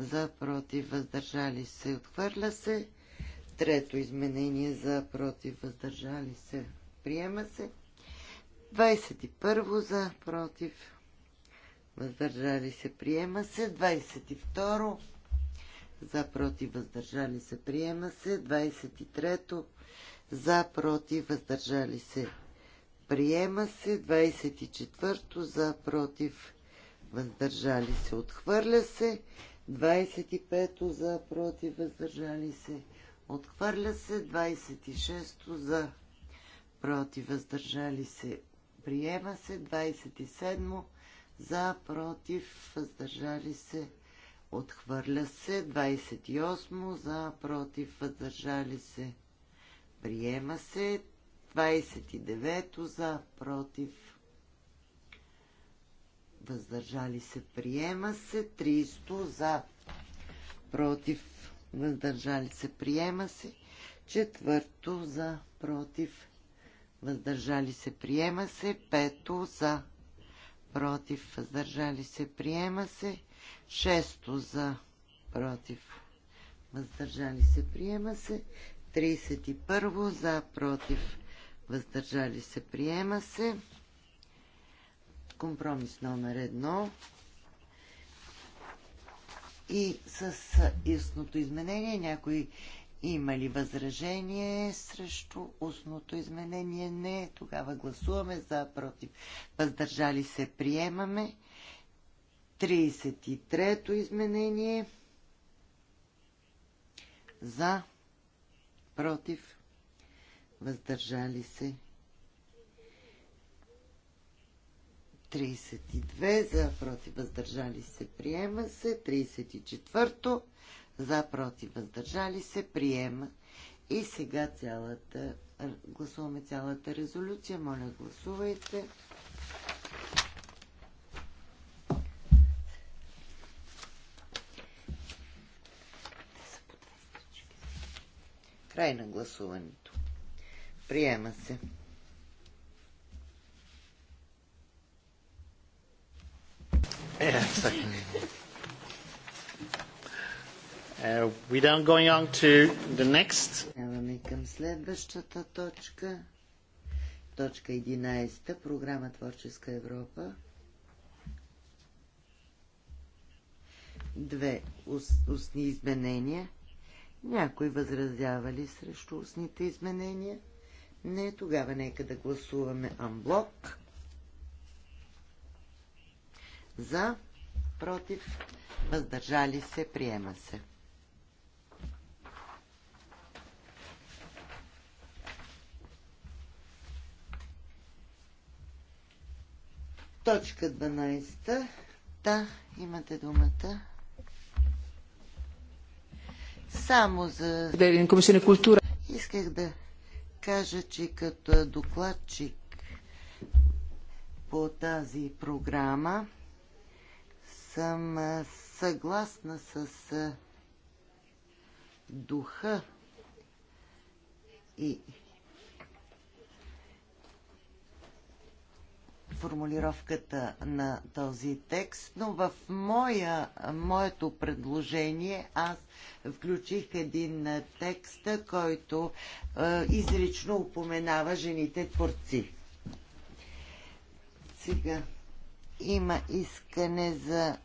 Speaker 4: за против въздържали се отхвърля се. Трето изменение за против въздържали се приема се. 21 за против въздържали се приема се. 22 за против въздържали се приема се. 23 за против въздържали се приема се. 24 за против въздържали се отхвърля се. 25-то за против въздържали се. Отхвърля се 26-то за против въздържали се. Приема се 27-мо за против въздържали се. Отхвърля се 28-мо за против въздържали се. Приема се 29-то за против въздържали се, приема се. 300 за, против, въздържали се, приема се. Четвърто за, против, въздържали се, приема се. Пето за, против, въздържали се, приема се. Шесто за, против, въздържали се, приема се. 31 за, против, въздържали се, приема се компромис номер едно и с устното изменение някой има ли възражение срещу устното изменение? Не. Тогава гласуваме за, против. Въздържали се, приемаме. 33-то изменение. За, против, въздържали се, 32 за против въздържали се приема се. 34 за против въздържали се приема. И сега цялата, гласуваме цялата резолюция. Моля, гласувайте. Край на гласуването. Приема се.
Speaker 1: Uh, we going on to the next. Даваме към
Speaker 4: следващата точка. Точка 11. Програма Творческа Европа. Две ус, устни изменения. Някой възразява ли срещу устните изменения? Не, тогава нека да гласуваме Анблок. За, против, въздържали се, приема се. Точка 12. Да, имате думата. Само за... Комисия на култура. Исках да кажа, че като е докладчик по тази програма съм съгласна с духа и формулировката на този текст, но в моя, моето предложение аз включих един текст, който е, изрично упоменава жените творци. Сега има искане за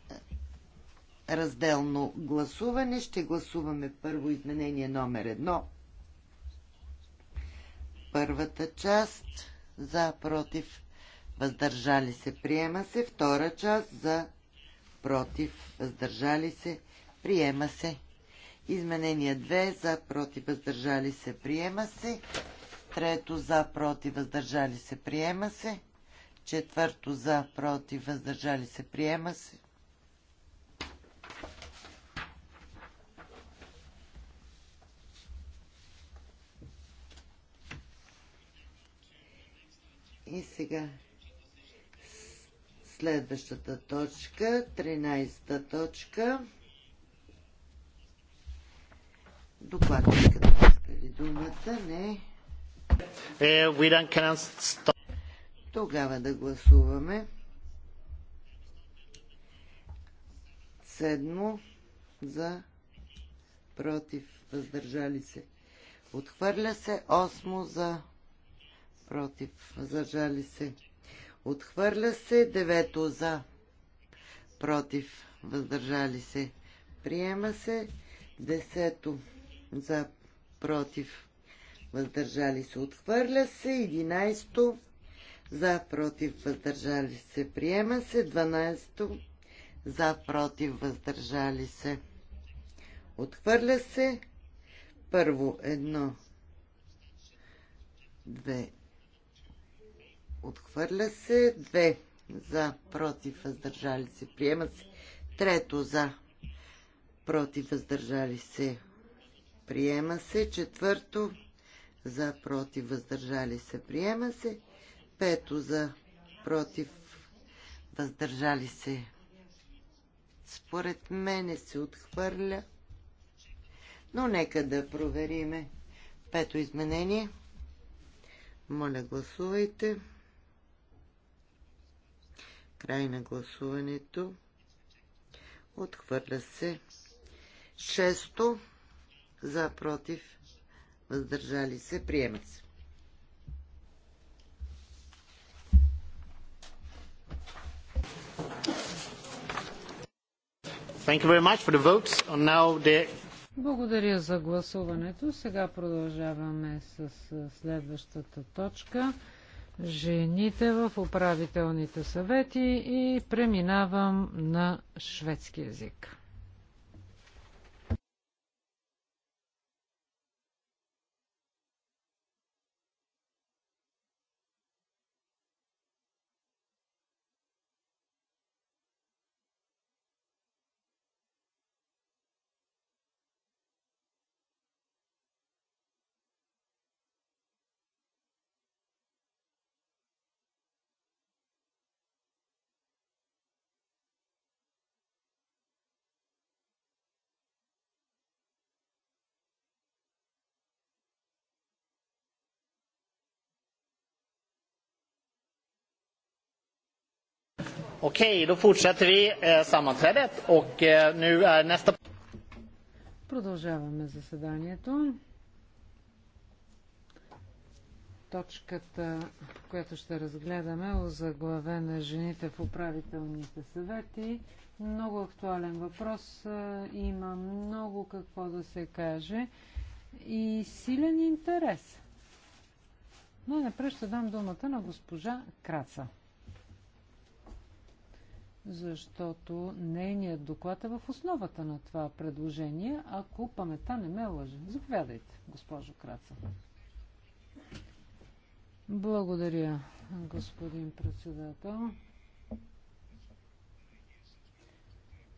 Speaker 4: разделно гласуване. Ще гласуваме първо изменение номер едно. Първата част за, против, въздържали се, приема се. Втора част за, против, въздържали се, приема се. Изменение 2 за, против, въздържали се, приема се. Трето за, против, въздържали се, приема се. Четвърто за, против, въздържали се, приема се. И сега следващата точка, 13-та точка. Докладчиката иска ли думата? Не. Е, we don't тогава да гласуваме. Седмо за против, въздържали се. Отхвърля се. Осмо за против, въздържали се. Отхвърля се. Девето за против, въздържали се. Приема се. Десето за против, въздържали се. Отхвърля се. Единайсто за против въздържали се приема се. 12 за против въздържали се отхвърля се. Първо едно, две, отхвърля се, две за против въздържали се приема се. Трето за против въздържали се приема се. Четвърто за против въздържали се приема се. Пето за против въздържали се. Според мене се отхвърля, но нека да провериме. Пето изменение. Моля, гласувайте. Край на гласуването. Отхвърля се. Шесто за против. Въздържали се. Приема се.
Speaker 2: Благодаря за гласуването. Сега продължаваме с следващата точка. Жените в управителните съвети и преминавам на шведски язик.
Speaker 1: Okej, då fortsätter vi eh, sammanträdet och eh, nu är nästa...
Speaker 2: Продължаваме заседанието. Точката, която ще разгледаме, е озаглавена жените в управителните съвети. Много актуален въпрос. Е, има много какво да се каже и силен интерес. Най-напред ще дам думата на госпожа Краца защото нейният доклад е в основата на това предложение, ако памета не ме лъже. Заповядайте, госпожо Краца. Благодаря, господин председател.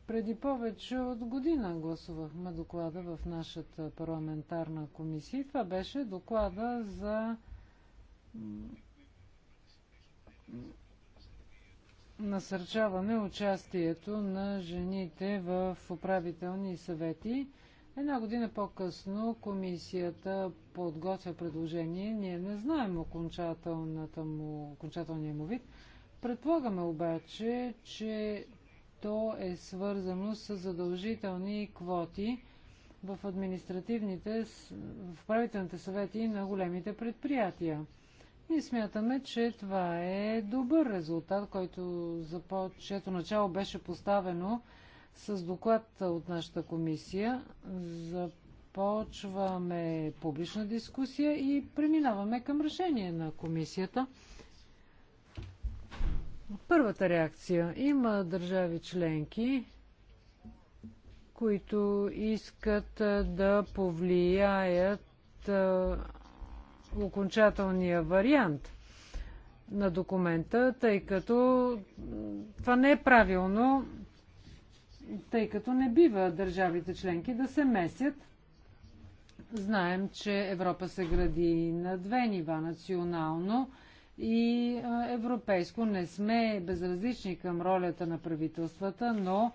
Speaker 2: Преди повече от година гласувахме доклада в нашата парламентарна комисия. Това беше доклада за насърчаваме участието на жените в управителни съвети. Една година по-късно комисията подготвя предложение. Ние не знаем окончателната му, окончателния му вид. Предполагаме обаче, че то е свързано с задължителни квоти в административните, в правителните съвети на големите предприятия. Ние смятаме, че това е добър резултат, който за по-чето начало беше поставено с доклад от нашата комисия. Започваме публична дискусия и преминаваме към решение на комисията. Първата реакция. Има държави членки, които искат да повлияят окончателния вариант на документа, тъй като това не е правилно, тъй като не бива държавите членки да се месят. Знаем, че Европа се гради на две нива национално и европейско. Не сме безразлични към ролята на правителствата, но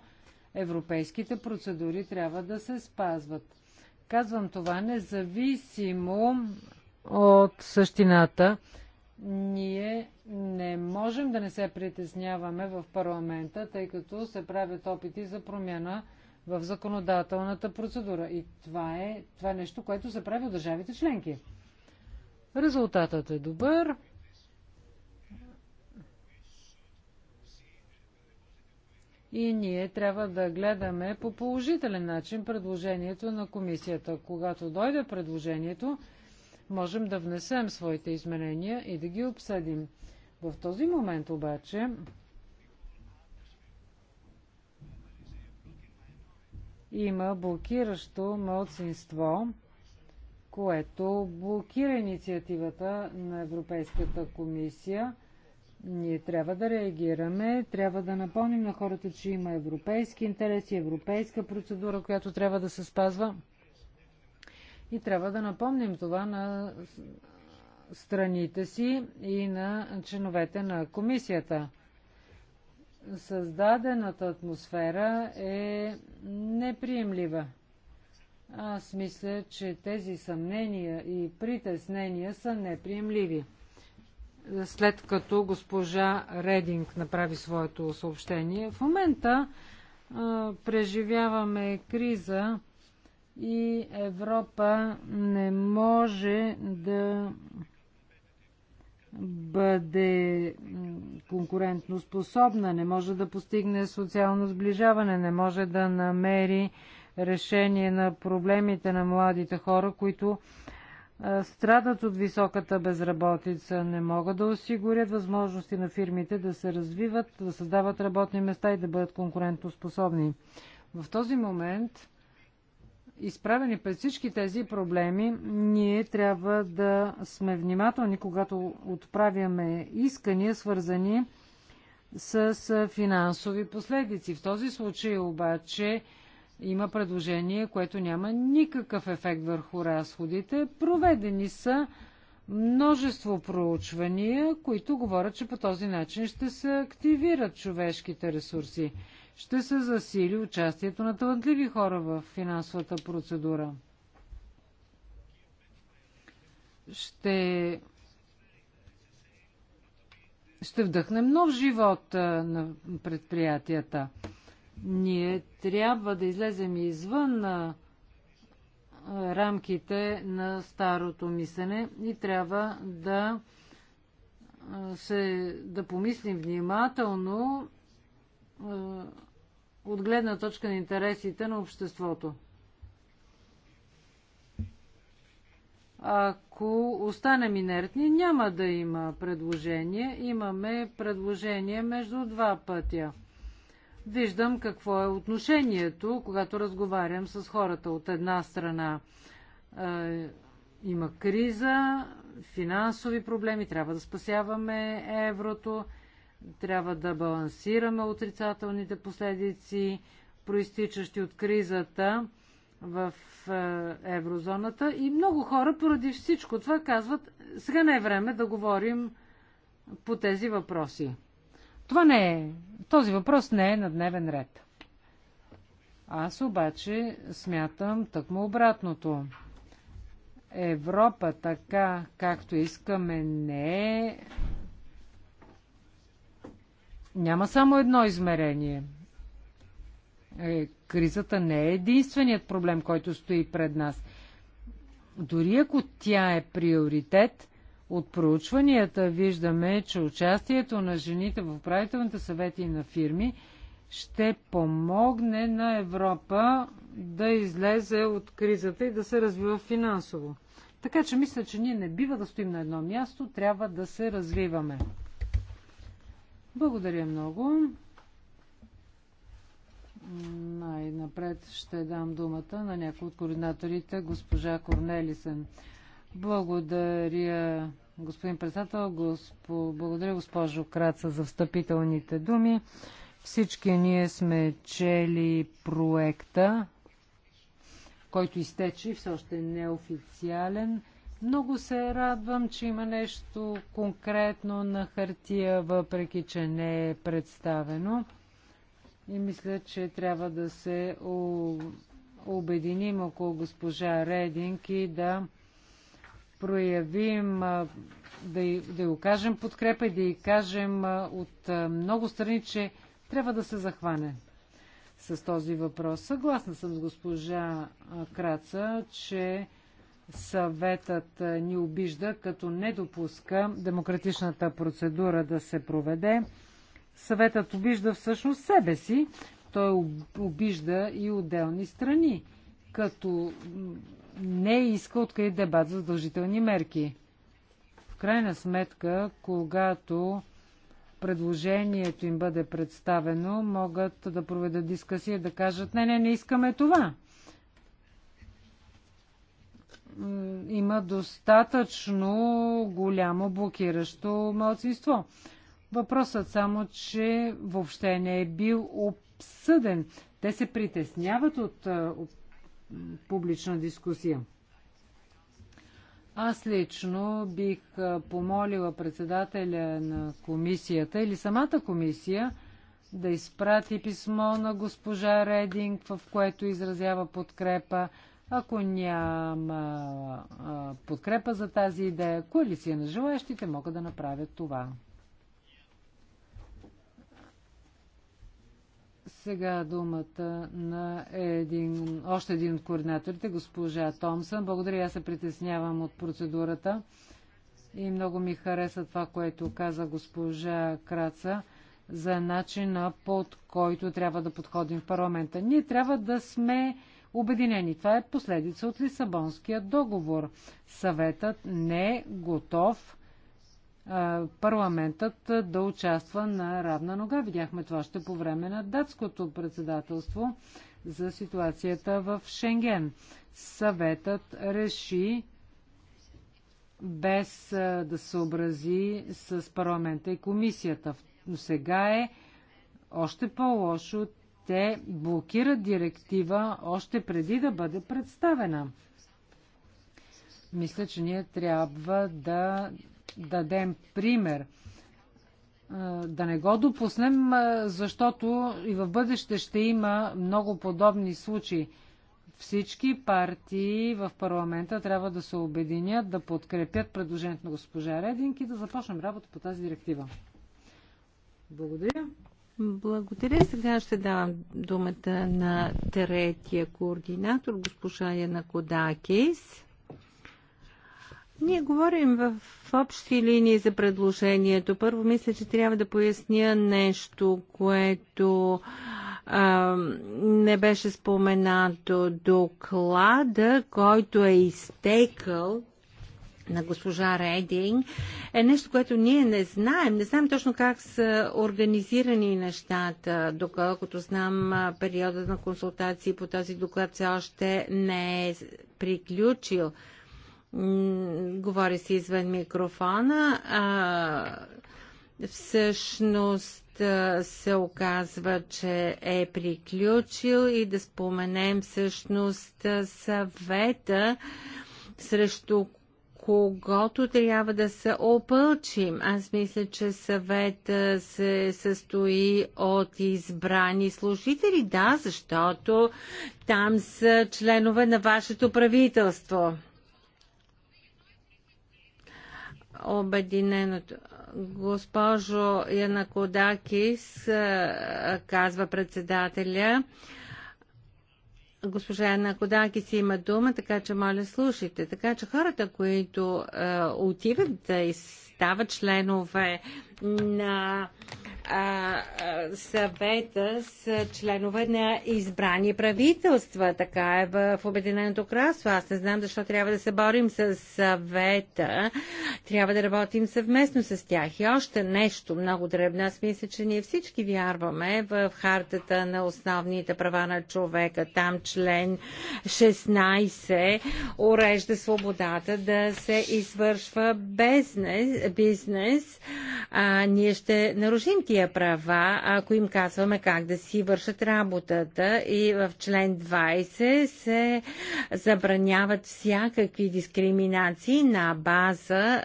Speaker 2: европейските процедури трябва да се спазват. Казвам това независимо от същината. Ние не можем да не се притесняваме в парламента, тъй като се правят опити за промяна в законодателната процедура. И това е, това е нещо, което се прави от държавите членки. Резултатът е добър. И ние трябва да гледаме по положителен начин предложението на комисията. Когато дойде предложението, можем да внесем своите изменения и да ги обсъдим. В този момент обаче има блокиращо мълцинство, което блокира инициативата на Европейската комисия. Ние трябва да реагираме, трябва да напомним на хората, че има европейски интереси, европейска процедура, която трябва да се спазва. И трябва да напомним това на страните си и на членовете на комисията. Създадената атмосфера е неприемлива. Аз мисля, че тези съмнения и притеснения са неприемливи. След като госпожа Рединг направи своето съобщение, в момента а, преживяваме криза, и Европа не може да бъде конкурентно способна, не може да постигне социално сближаване, не може да намери решение на проблемите на младите хора, които страдат от високата безработица, не могат да осигурят възможности на фирмите да се развиват, да създават работни места и да бъдат конкурентоспособни. В този момент изправени пред всички тези проблеми, ние трябва да сме внимателни, когато отправяме искания, свързани с финансови последици. В този случай обаче има предложение, което няма никакъв ефект върху разходите. Проведени са множество проучвания, които говорят, че по този начин ще се активират човешките ресурси ще се засили участието на талантливи хора в финансовата процедура. Ще, ще вдъхнем нов живот на предприятията. Ние трябва да излезем извън на рамките на старото мислене и трябва да, се, да помислим внимателно е, от гледна точка на интересите на обществото. Ако останем инертни, няма да има предложение. Имаме предложение между два пътя. Виждам какво е отношението, когато разговарям с хората. От една страна е, има криза, финансови проблеми, трябва да спасяваме еврото. Трябва да балансираме отрицателните последици, проистичащи от кризата в е, еврозоната. И много хора поради всичко това казват, сега не е време да говорим по тези въпроси. Това не е. Този въпрос не е на дневен ред. Аз обаче смятам тъкмо обратното. Европа така, както искаме, не е няма само едно измерение. Е, кризата не е единственият проблем, който стои пред нас. Дори ако тя е приоритет, от проучванията виждаме, че участието на жените в управителните съвети на фирми ще помогне на Европа да излезе от кризата и да се развива финансово. Така че мисля, че ние не бива да стоим на едно място, трябва да се развиваме. Благодаря много. Най-напред ще дам думата на някои от координаторите, госпожа Корнелисен. Благодаря, господин председател, госпо... благодаря госпожо Краца за встъпителните думи. Всички ние сме чели проекта, който изтече, все още неофициален. Много се радвам, че има нещо конкретно на хартия, въпреки че не е представено. И мисля, че трябва да се обединим около госпожа Рединг и да проявим, да й, да й окажем подкрепа и да й кажем от много страни, че трябва да се захване с този въпрос. Съгласна съм с госпожа Краца, че съветът ни обижда, като не допуска демократичната процедура да се проведе. Съветът обижда всъщност себе си. Той обижда и отделни страни, като не иска откъде дебат за задължителни мерки. В крайна сметка, когато предложението им бъде представено, могат да проведат дискусия и да кажат, не, не, не искаме това има достатъчно голямо блокиращо мълцинство. Въпросът само, че въобще не е бил обсъден. Те се притесняват от, е, от публична дискусия. Аз лично бих е, помолила председателя на комисията или самата комисия да изпрати писмо на госпожа Рединг, в което изразява подкрепа ако няма а, подкрепа за тази идея, коалиция на желаящите могат да направят това. Сега думата на един, още един от координаторите, госпожа Томсън. Благодаря, аз се притеснявам от процедурата и много ми хареса това, което каза госпожа Краца за начина, под който трябва да подходим в парламента. Ние трябва да сме обединени. Това е последица от Лисабонския договор. Съветът не е готов парламентът да участва на равна нога. Видяхме това още по време на датското председателство за ситуацията в Шенген. Съветът реши без да се образи с парламента и комисията. Но сега е още по-лошо. от те блокират директива още преди да бъде представена. Мисля, че ние трябва да дадем пример. Да не го допуснем, защото и в бъдеще ще има много подобни случаи. Всички партии в парламента трябва да се обединят, да подкрепят предложението на госпожа Рединг и да започнем работа по тази директива. Благодаря.
Speaker 3: Благодаря. Сега ще давам думата на третия координатор, госпожа Яна Кодакис. Ние говорим в общи линии за предложението. Първо мисля, че трябва да поясня нещо, което а, не беше споменато. Доклада, който е изтекал на госпожа Рейдинг е нещо, което ние не знаем. Не знам точно как са организирани нещата, доколкото знам периода на консултации по този доклад все още не е приключил. Говори се извън микрофона. А, всъщност се оказва, че е приключил и да споменем всъщност съвета, срещу когото трябва да се опълчим. Аз мисля, че съвет се състои от избрани служители. Да, защото там са членове на вашето правителство. Обединеното. Госпожо Янакодакис, казва председателя, Госпожа Кодаки си има дума, така че моля слушайте. Така че хората, които е, отиват да изстават стават членове на а, съвета с членове на избрани правителства. Така е в Обединеното кралство. Аз не знам защо трябва да се борим с съвета. Трябва да работим съвместно с тях. И още нещо много дребно. Аз мисля, че ние всички вярваме в хартата на основните права на човека. Там член 16 урежда свободата да се извършва бизнес, бизнес а, ние ще нарушим тия права, ако им казваме как да си вършат работата. И в член 20 се забраняват всякакви дискриминации на база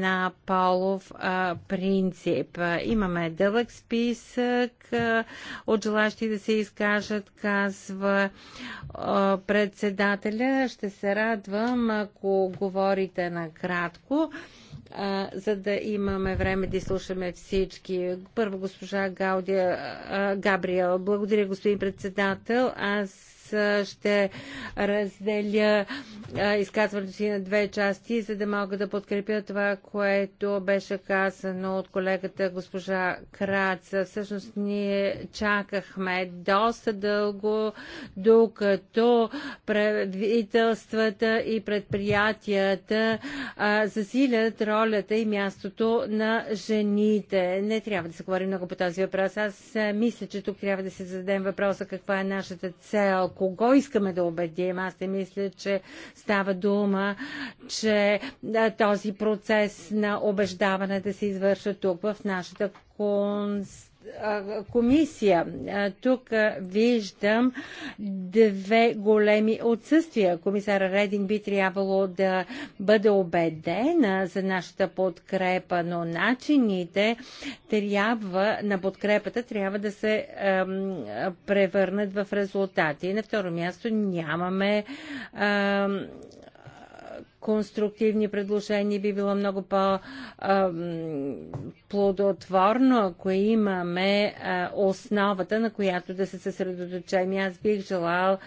Speaker 3: на полов а, принцип. Имаме дълъг списък а, от желащи да се изкажат, казва а, председателя. Ще се радвам, ако говорите накратко а, за да имаме време да изслушаме всички. Първо госпожа Гаудия, а, Габриел. Благодаря, господин председател. Аз ще разделя изказването си на две части, за да мога да подкрепя това, което беше казано от колегата госпожа Краца. Всъщност ние чакахме доста дълго, докато правителствата и предприятията засилят ролята и мястото на жените. Не трябва да се говори много по този въпрос. Аз мисля, че тук трябва да се зададем въпроса каква е нашата цел кого искаме да убедим. Аз не мисля, че става дума, че този процес на убеждаване да се извършва тук в нашата конст комисия. Тук виждам две големи отсъствия. Комисара Редин би трябвало да бъде убедена за нашата подкрепа, но начините трябва, на подкрепата трябва да се превърнат в резултати. на второ място нямаме конструктивни предложения би било много по-плодотворно, ако имаме основата, на която да се съсредоточим. Аз бих желал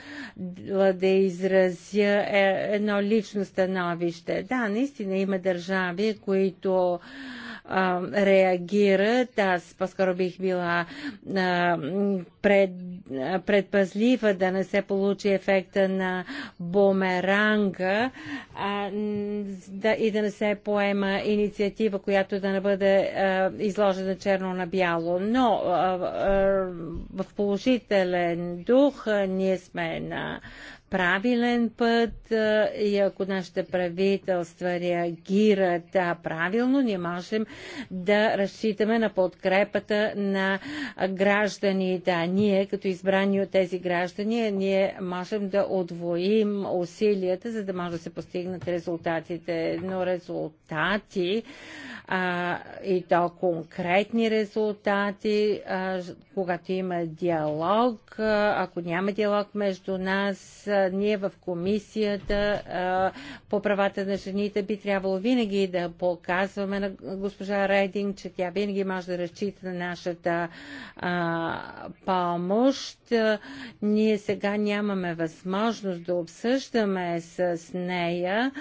Speaker 3: да изразя е, едно лично становище. Да, наистина има държави, които реагират. Аз по-скоро бих била а, пред, а, предпазлива да не се получи ефекта на бомеранга а, да, и да не се поема инициатива, която да не бъде а, изложена черно на бяло. Но а, а, в положителен дух а, ние сме на правилен път и ако нашите правителства реагират правилно, ние можем да разчитаме на подкрепата на гражданите. ние, като избрани от тези граждани, ние можем да отвоим усилията, за да може да се постигнат резултатите. Но резултати а, и то конкретни резултати, а, когато има диалог, а, ако няма диалог между нас, ние в комисията по правата на жените би трябвало винаги да показваме на госпожа Рейдинг, че тя винаги може да разчита на нашата помощ. Ние сега нямаме възможност да обсъждаме с нея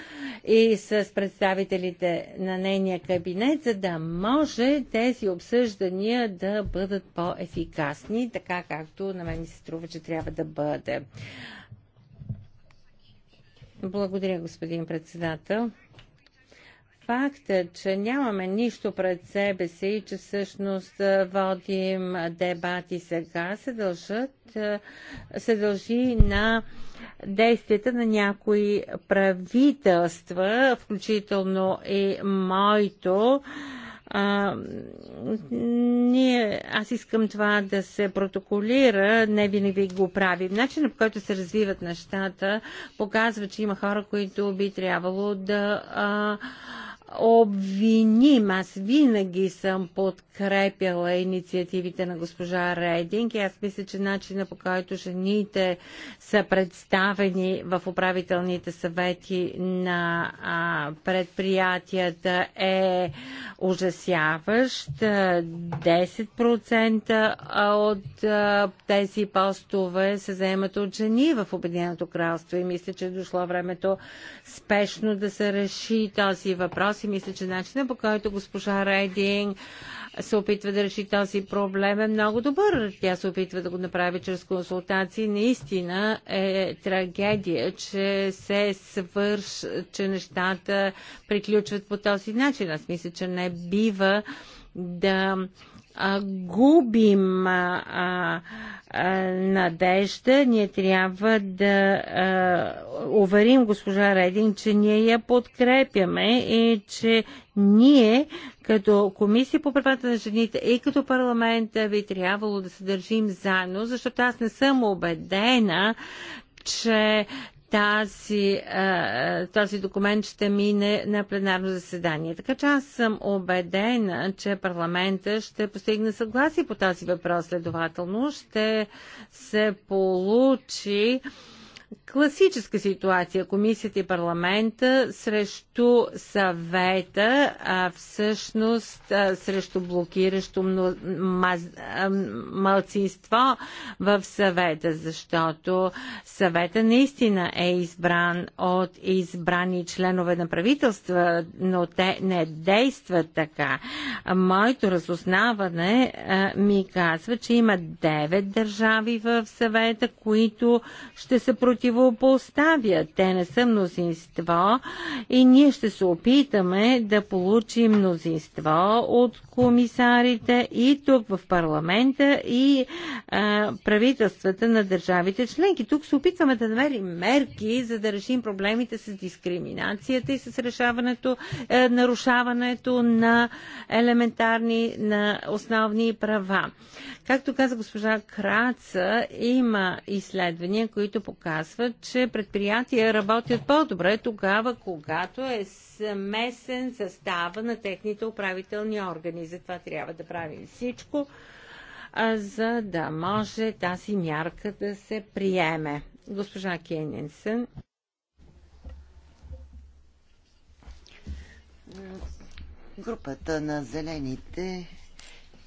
Speaker 3: и с представителите на нейния кабинет, за да може тези обсъждания да бъдат по-ефикасни, така както на мен ми се струва, че трябва да бъде. Благодаря, господин председател. Факта, че нямаме нищо пред себе си и че всъщност водим дебати сега, се, дължат, се дължи на действията на някои правителства, включително и моето а, ние, аз искам това да се протоколира, не винаги го правим. Начинът по който се развиват нещата показва, че има хора, които би трябвало да а, обвиним. Аз винаги съм подкрепяла инициативите на госпожа Рейдинг и аз мисля, че начина по който жените са представени в управителните съвети на а, предприятията е ужасяващ. 10% от а, тези постове се заемат от жени в Обединеното кралство и мисля, че е дошло времето спешно да се реши този въпрос си Мисля, че начинът по който госпожа Рейдинг се опитва да реши този проблем е много добър. Тя се опитва да го направи чрез консултации. Наистина е трагедия, че се свърш, че нещата приключват по този начин. Аз мисля, че не бива да а, губим а, а, надежда, ние трябва да а, уверим госпожа Редин, че ние я подкрепяме и че ние като Комисия по правата на жените и като парламента би трябвало да се държим заедно, защото аз не съм убедена, че тази, този документ ще мине на пленарно заседание. Така че аз съм убедена, че парламента ще постигне съгласие по този въпрос. Следователно ще се получи класическа ситуация. Комисията и парламента срещу съвета, а всъщност а, срещу блокиращо малцинство в съвета, защото съвета наистина е избран от избрани членове на правителства, но те не действат така. Моето разузнаване а, ми казва, че има 9 държави в съвета, които ще се против противопоставя. Те не са мнозинство и ние ще се опитаме да получим мнозинство от комисарите и тук в парламента и а, правителствата на държавите членки. Тук се опитваме да намерим мерки, за да решим проблемите с дискриминацията и с решаването, а, е, нарушаването на елементарни, на основни права. Както каза госпожа Краца, има изследвания, които показват, показват, че предприятия работят по-добре тогава, когато е смесен състава на техните управителни органи. Затова трябва да правим всичко, за да може тази мярка да се приеме. Госпожа Кенинсън.
Speaker 4: Групата на зелените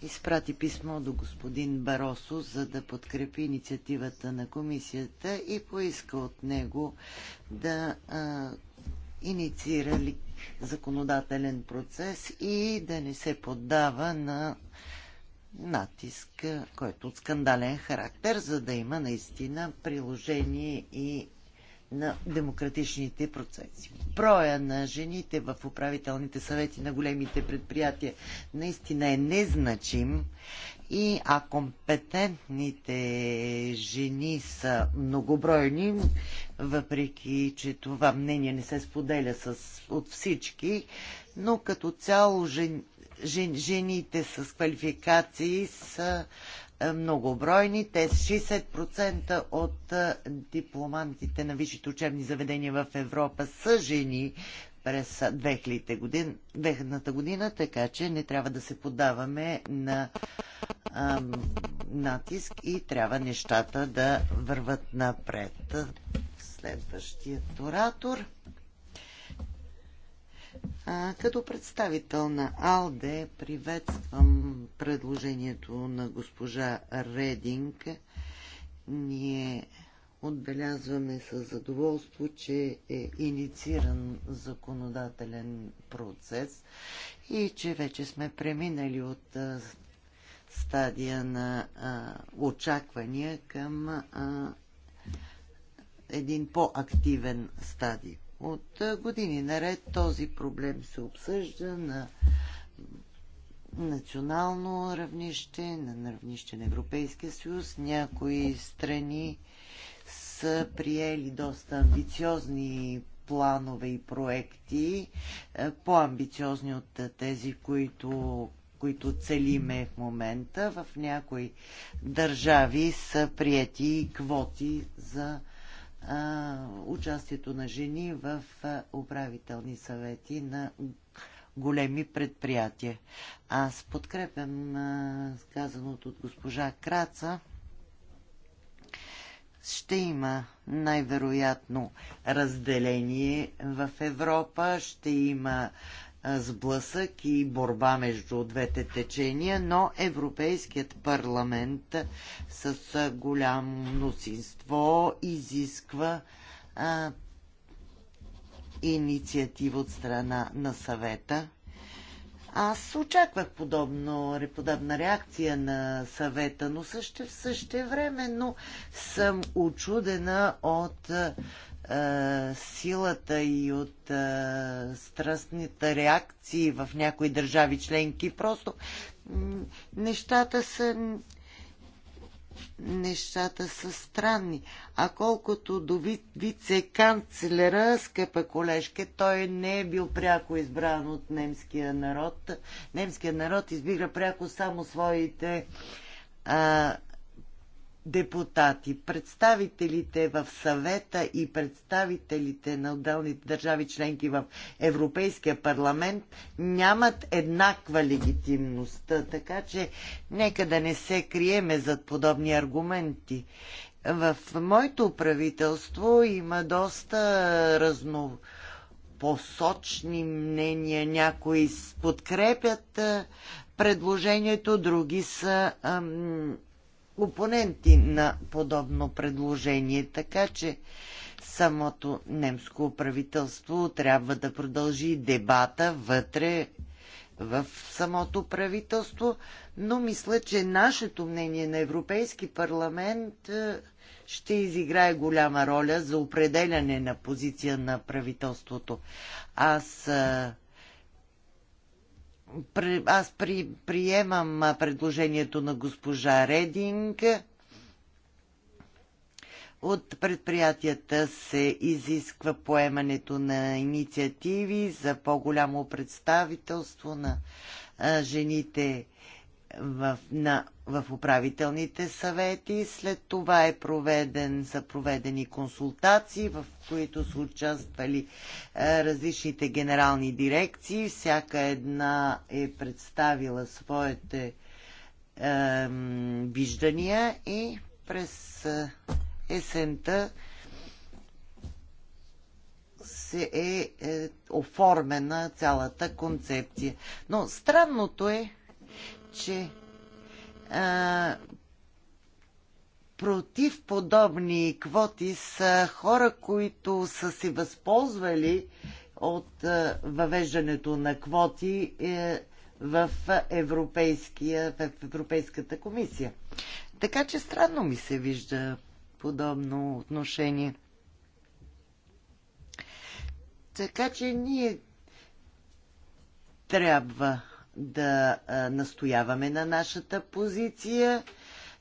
Speaker 4: изпрати писмо до господин Баросо, за да подкрепи инициативата на комисията и поиска от него да а, инициира ли законодателен процес и да не се поддава на натиск, който от скандален характер, за да има наистина приложение и на демократичните процеси. Броя на жените в управителните съвети на големите предприятия наистина е незначим и а компетентните жени са многобройни, въпреки че това мнение не се споделя с, от всички, но като цяло жен, жен, жените с квалификации са многобройни. Те 60% от дипломантите на висшите учебни заведения в Европа са жени през 2000 та 2000 година, така че не трябва да се подаваме на а, натиск и трябва нещата да върват напред. Следващият оратор. А, като представител на АЛДЕ приветствам предложението на госпожа Рединг. Ние отбелязваме с задоволство, че е иницииран законодателен процес и че вече сме преминали от стадия на а, очаквания към а, един по-активен стадий. От години наред този проблем се обсъжда на национално равнище, на равнище на Европейския съюз. Някои страни са приели доста амбициозни планове и проекти, по-амбициозни от тези, които, които целиме в момента. В някои държави са прияти квоти за а, участието на жени в а, управителни съвети на големи предприятия. Аз подкрепям а, казаното от госпожа Краца. Ще има най-вероятно разделение в Европа, ще има сблъсък и борба между двете течения, но Европейският парламент с голямо мнозинство изисква а, инициатива от страна на съвета. Аз очаквах подобно, подобна реакция на съвета, но също, също време, но съм очудена от силата и от а, страстните реакции в някои държави членки. Просто нещата са нещата са странни. А колкото до вице-канцлера, скъпа колежка, той не е бил пряко избран от немския народ. Немския народ избира пряко само своите а, депутати, представителите в съвета и представителите на отделните държави членки в Европейския парламент нямат еднаква легитимност. Така че нека да не се криеме зад подобни аргументи. В моето правителство има доста разно посочни мнения. Някои подкрепят предложението, други са ам, опоненти на подобно предложение, така че самото немско правителство трябва да продължи дебата вътре в самото правителство, но мисля, че нашето мнение на Европейски парламент е, ще изиграе голяма роля за определяне на позиция на правителството. Аз е, аз при, приемам предложението на госпожа Рединг. От предприятията се изисква поемането на инициативи за по-голямо представителство на жените в, на, в управителните съвети. След това е проведен, са проведени консултации, в които са участвали е, различните генерални дирекции. Всяка една е представила своите е, виждания и през е, есента се е, е оформена цялата концепция. Но странното е, че а, против подобни квоти са хора, които са се възползвали от а, въвеждането на квоти е, в, Европейския, в Европейската комисия. Така че странно ми се вижда подобно отношение. Така че ние трябва да настояваме на нашата позиция,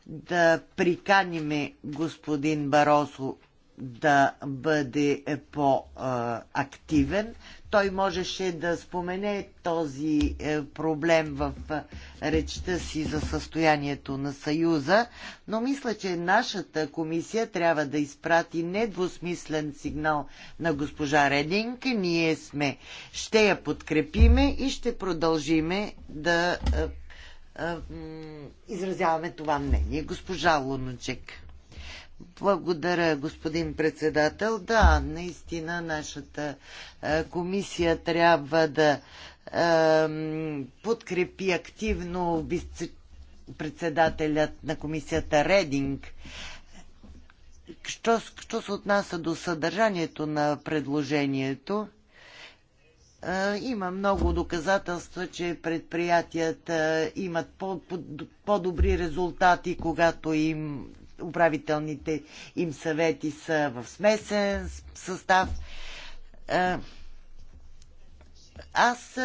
Speaker 4: да приканиме господин Баросо да бъде по-активен. Той можеше да спомене този е, проблем в е, речта си за състоянието на Съюза, но мисля, че нашата комисия трябва да изпрати недвусмислен сигнал на госпожа Рединг. Ние сме, ще я подкрепиме и ще продължиме да е, изразяваме това мнение. Госпожа Луночек. Благодаря, господин председател. Да, наистина нашата е, комисия трябва да е, подкрепи активно председателят на комисията Рединг. Що, що се отнася до съдържанието на предложението, е, има много доказателства, че предприятията имат по-добри -по резултати, когато им управителните им съвети са в смесен състав. Аз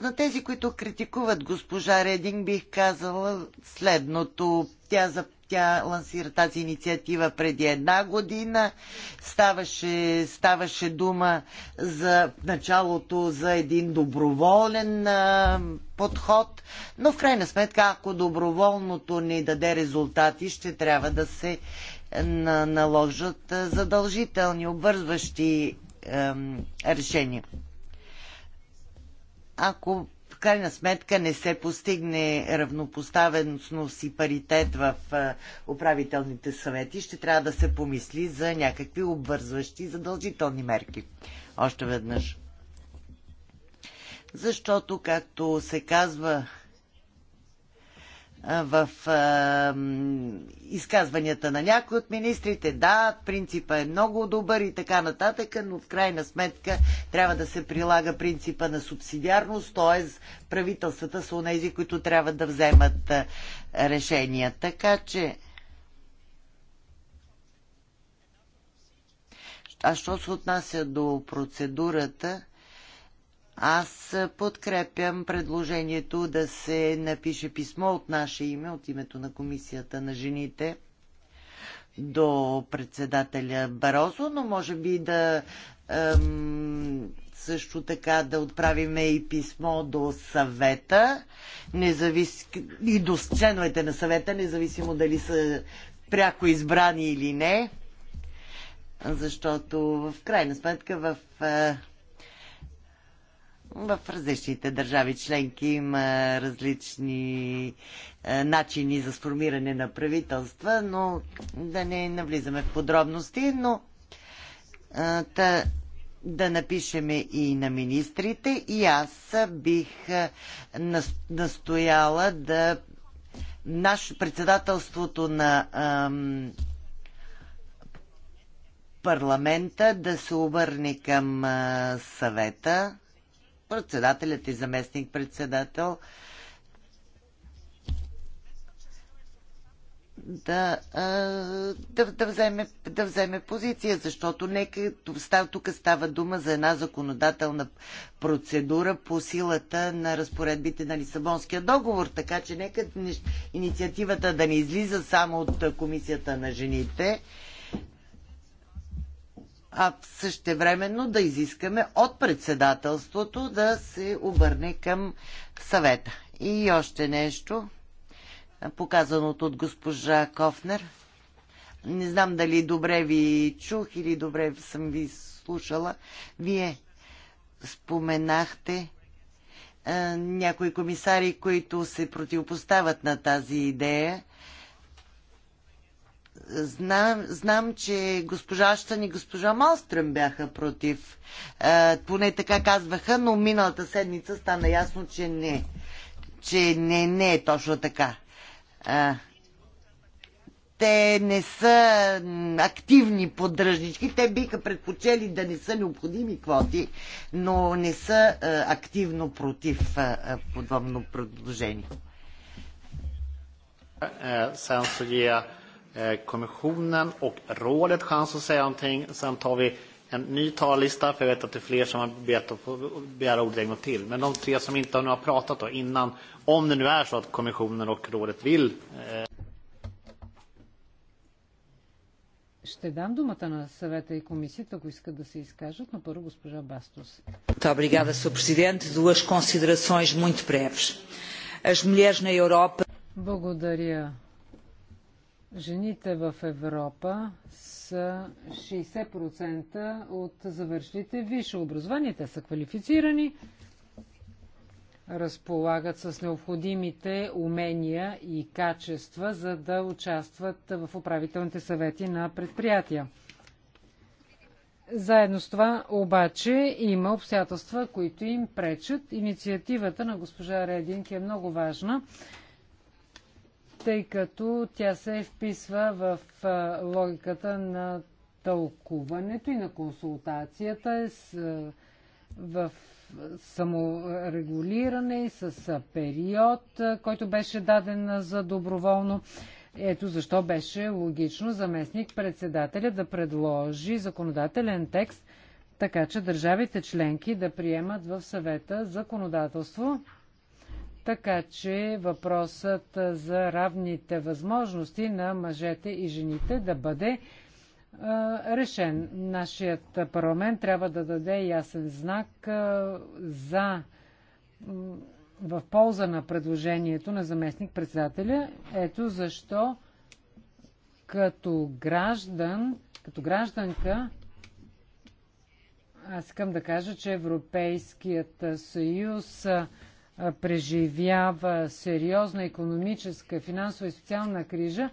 Speaker 4: на тези, които критикуват госпожа Рединг, бих казала следното. Тя за тя лансира тази инициатива преди една година. Ставаше, ставаше дума за началото за един доброволен а, подход, но в крайна сметка, ако доброволното не даде резултати, ще трябва да се е, на, наложат е, задължителни, обвързващи а, решения. Ако крайна сметка не се постигне равнопоставеност и паритет в управителните съвети, ще трябва да се помисли за някакви обвързващи задължителни мерки. Още веднъж. Защото, както се казва в а, изказванията на някои от министрите. Да, принципа е много добър и така нататък, но в крайна сметка трябва да се прилага принципа на субсидиарност, т.е. правителствата са онези, които трябва да вземат решения. Така че. А що се отнася до процедурата? Аз подкрепям предложението да се напише писмо от наше име, от името на Комисията на жените до председателя Барозо, но може би да ем, също така да отправиме и писмо до съвета независ... и до сценовете на съвета, независимо дали са пряко избрани или не, защото в крайна сметка в е, в различните държави членки има различни а, е, начини за сформиране на правителства, но да не навлизаме в подробности, но а, е, та, да напишеме и на министрите и аз бих е, настояла да наш председателството на ам, парламента да се обърне към а, съвета председателят и заместник председател да, да, да, вземе, да вземе позиция, защото нека тук става дума за една законодателна процедура по силата на разпоредбите на Лисабонския договор, така че нека инициативата да не излиза само от Комисията на жените, а същевременно да изискаме от председателството да се обърне към съвета. И още нещо, показаното от госпожа Кофнер. Не знам дали добре ви чух или добре съм ви слушала. Вие споменахте някои комисари, които се противопоставят на тази идея Знам, знам, че госпожа Аштан и госпожа Малстрем бяха против. Е, поне така казваха, но миналата седмица стана ясно, че не. Че не, не е точно така. Е, те не са активни поддръжнички. Те биха предпочели да не са необходими квоти, но не са е, активно против е, е подобно предложение.
Speaker 1: Е, е kommissionen och rådet chans att säga någonting. Sen tar vi en ny talarlista, för jag vet att det är fler som har bett att få begära ordet en gång till. Men de tre som inte har, nu har pratat då innan, om det nu är så att kommissionen och rådet vill...
Speaker 2: Ще дам думата на съвета и комисията, ако искат да се изкажат, Muito obrigada, Sr. Presidente. Duas considerações muito breves. As mulheres na Europa... Благодаря, Жените в Европа са 60% от завършилите висше образование. Те са квалифицирани, разполагат с необходимите умения и качества, за да участват в управителните съвети на предприятия. Заедно с това обаче има обстоятелства, които им пречат. Инициативата на госпожа Рединки е много важна тъй като тя се вписва в логиката на тълкуването и на консултацията с, в саморегулиране и с период, който беше даден за доброволно. Ето защо беше логично заместник председателя да предложи законодателен текст, така че държавите членки да приемат в съвета законодателство, така че въпросът за равните възможности на мъжете и жените да бъде решен. Нашият парламент трябва да даде ясен знак за в полза на предложението на заместник председателя. Ето защо като граждан, като гражданка, аз искам да кажа, че Европейският съюз преживява сериозна економическа, финансова и социална крижа,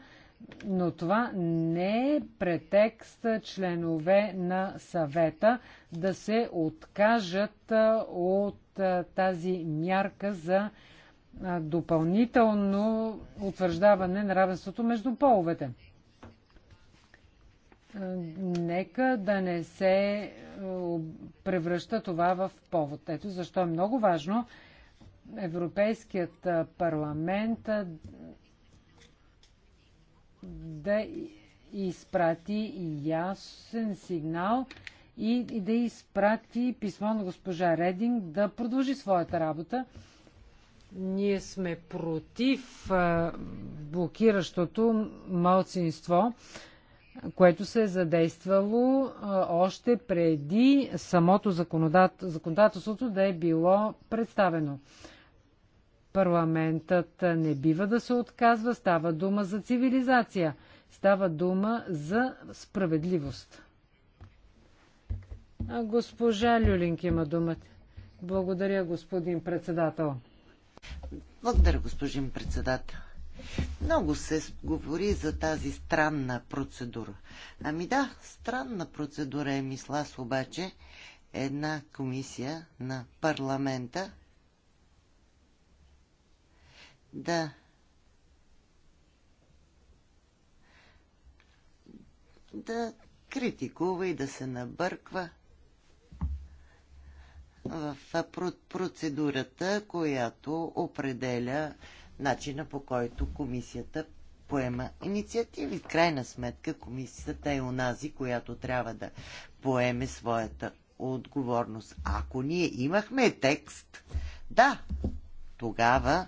Speaker 2: но това не е претекст членове на съвета да се откажат от тази мярка за допълнително утвърждаване на равенството между половете. Нека да не се превръща това в повод. Ето защо е много важно Европейският парламент да изпрати ясен сигнал и, да изпрати писмо на госпожа Рединг да продължи своята работа. Ние сме против блокиращото малцинство, което се е задействало още преди самото законодателството да е било представено. Парламентът не бива да се отказва, става дума за цивилизация, става дума за справедливост. А госпожа Люлинг има думата. Благодаря, господин председател.
Speaker 4: Благодаря, господин председател. Много се говори за тази странна процедура. Ами да, странна процедура е мисла с обаче една комисия на парламента да да критикува и да се набърква в процедурата, която определя начина по който комисията поема инициативи. В крайна сметка комисията е онази, която трябва да поеме своята отговорност. Ако ние имахме текст, да, тогава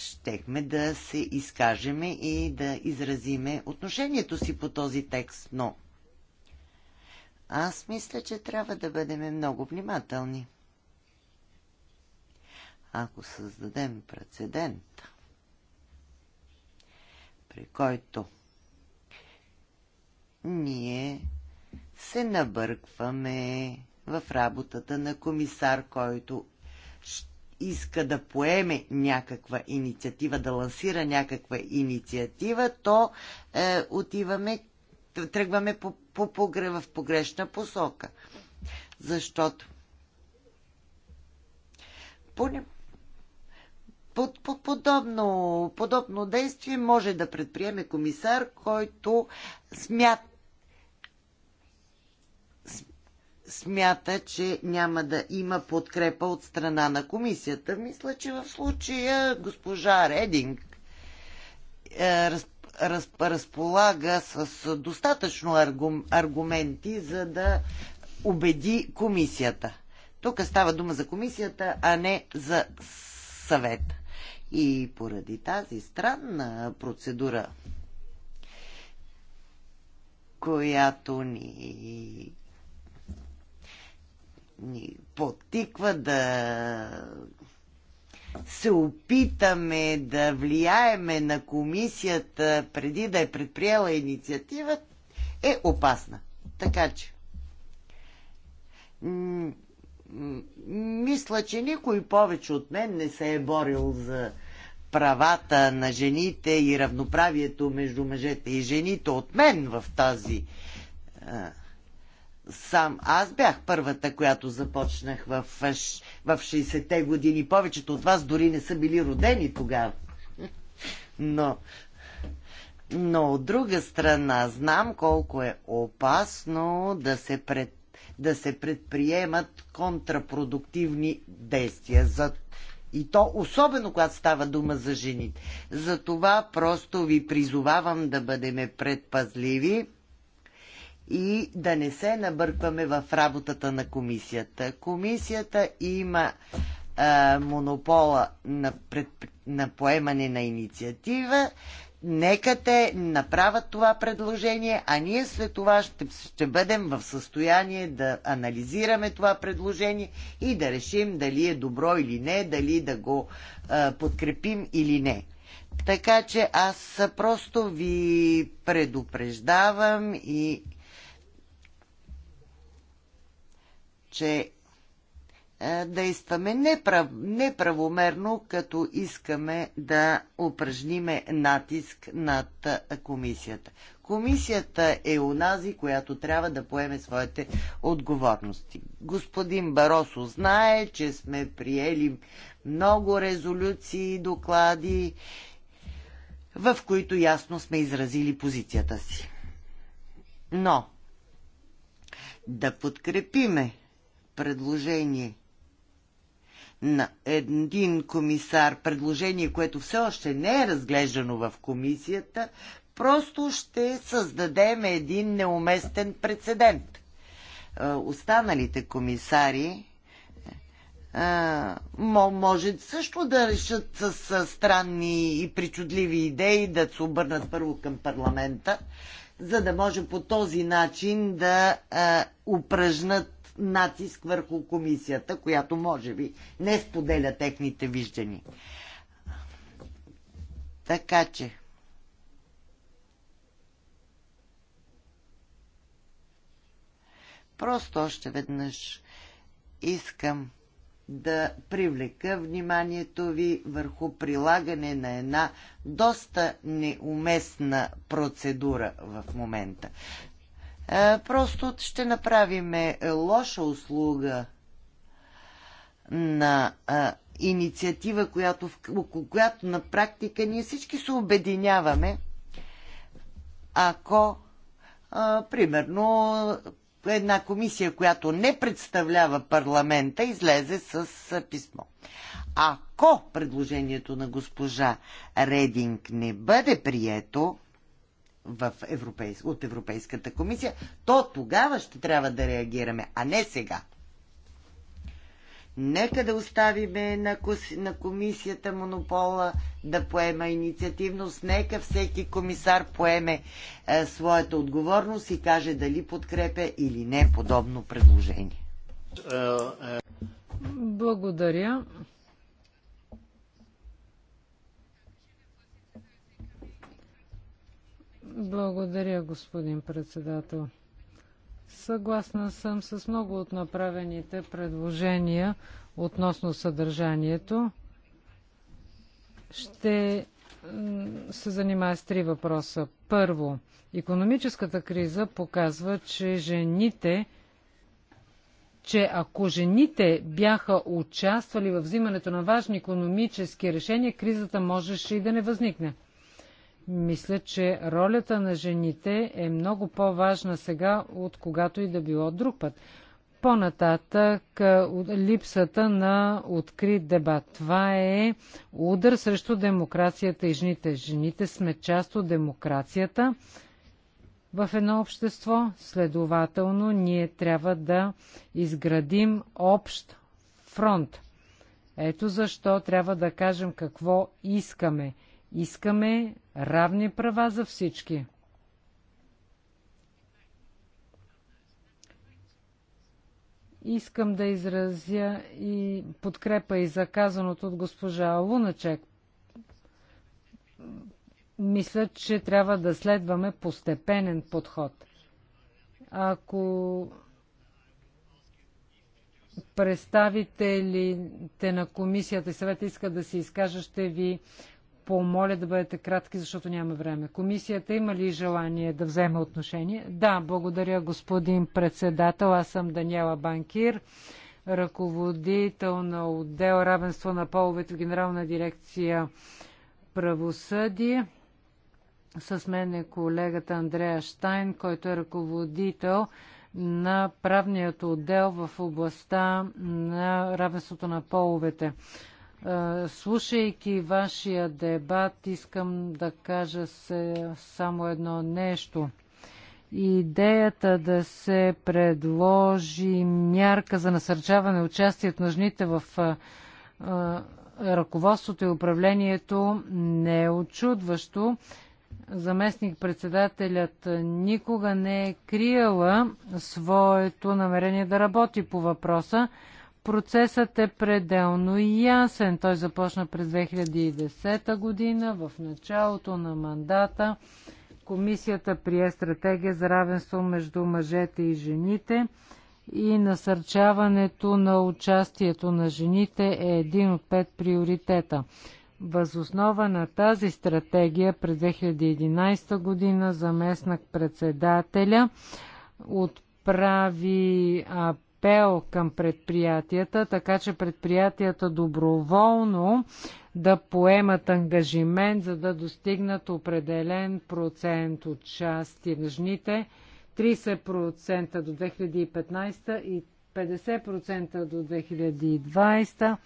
Speaker 4: щехме да се изкажеме и да изразиме отношението си по този текст, но аз мисля, че трябва да бъдем много внимателни. Ако създадем прецедент, при който ние се набъркваме в работата на комисар, който ще иска да поеме някаква инициатива, да лансира някаква инициатива, то е, отиваме, тръгваме по, по, по, в погрешна посока. Защото по, по, по, подобно, подобно действие може да предприеме комисар, който смят, смята, че няма да има подкрепа от страна на комисията. Мисля, че в случая госпожа Рединг е, раз, раз, разполага с достатъчно аргум, аргументи, за да убеди комисията. Тук става дума за комисията, а не за съвет. И поради тази странна процедура, която ни ни подтиква да се опитаме да влияеме на комисията преди да е предприела инициатива, е опасна. Така че. Мисля, че никой повече от мен не се е борил за правата на жените и равноправието между мъжете и жените от мен в тази а, сам. Аз бях първата, която започнах в, в 60-те години. Повечето от вас дори не са били родени тогава. Но, но от друга страна, знам колко е опасно да се, пред, да се предприемат контрапродуктивни действия. За, и то особено, когато става дума за жените. Затова просто ви призовавам да бъдем предпазливи и да не се набъркваме в работата на комисията. Комисията има а, монопола на, пред, на поемане на инициатива. Нека те направят това предложение, а ние след това ще, ще бъдем в състояние да анализираме това предложение и да решим дали е добро или не, дали да го а, подкрепим или не. Така че аз просто ви предупреждавам и че е, действаме неправ, неправомерно, като искаме да упражниме натиск над е, комисията. Комисията е унази, която трябва да поеме своите отговорности. Господин Баросо знае, че сме приели много резолюции и доклади, в които ясно сме изразили позицията си. Но да подкрепиме предложение на един комисар, предложение, което все още не е разглеждано в комисията, просто ще създадем един неуместен прецедент. Е, останалите комисари е, може също да решат с странни и причудливи идеи да се обърнат първо към парламента, за да може по този начин да е, упражнат натиск върху комисията, която може би не споделя техните виждани. Така че. Просто още веднъж искам да привлека вниманието ви върху прилагане на една доста неуместна процедура в момента. Е, просто ще направим лоша услуга на е, инициатива, която, която на практика ние всички се обединяваме, ако а, е, примерно една комисия, която не представлява парламента, излезе с писмо. Ако предложението на госпожа Рединг не бъде прието, в европейс... от Европейската комисия, то тогава ще трябва да реагираме, а не сега. Нека да оставиме на, кос... на комисията монопола да поема инициативност. Нека всеки комисар поеме е, своята отговорност и каже дали подкрепя или не подобно предложение.
Speaker 2: Благодаря. Благодаря, господин председател. Съгласна съм с много от направените предложения относно съдържанието. Ще се занимая с три въпроса. Първо, економическата криза показва, че жените че ако жените бяха участвали в взимането на важни економически решения, кризата можеше и да не възникне. Мисля, че ролята на жените е много по-важна сега, от когато и да било друг път. По-нататък е, липсата на открит дебат. Това е удар срещу демокрацията и жените. Жените сме част от демокрацията в едно общество, следователно ние трябва да изградим общ фронт. Ето защо трябва да кажем какво искаме – Искаме равни права за всички. Искам да изразя и подкрепа и заказаното от госпожа Луначек. Мисля, че трябва да следваме постепенен подход. Ако представителите на комисията и съвета искат да се изкажа, ще ви помоля да бъдете кратки, защото няма време. Комисията има ли желание да вземе отношение? Да, благодаря господин председател. Аз съм Даниела Банкир, ръководител на отдел равенство на половете в Генерална дирекция правосъдие. С мен е колегата Андрея Штайн, който е ръководител на правният отдел в областта на равенството на половете. Е, слушайки вашия дебат, искам да кажа се само едно нещо. Идеята да се предложи мярка за насърчаване участието на жените в е, е, ръководството и управлението не е очудващо. Заместник-председателят никога не е криела своето намерение да работи по въпроса. Процесът е пределно ясен. Той започна през 2010 година, в началото на мандата. Комисията прие стратегия за равенство между мъжете и жените и насърчаването на участието на жените е един от пет приоритета. Възоснова на тази стратегия през 2011 година заместник председателя отправи апел към предприятията, така че предприятията доброволно да поемат ангажимент, за да достигнат определен процент от части на жните, 30% до 2015 и 50% до 2020.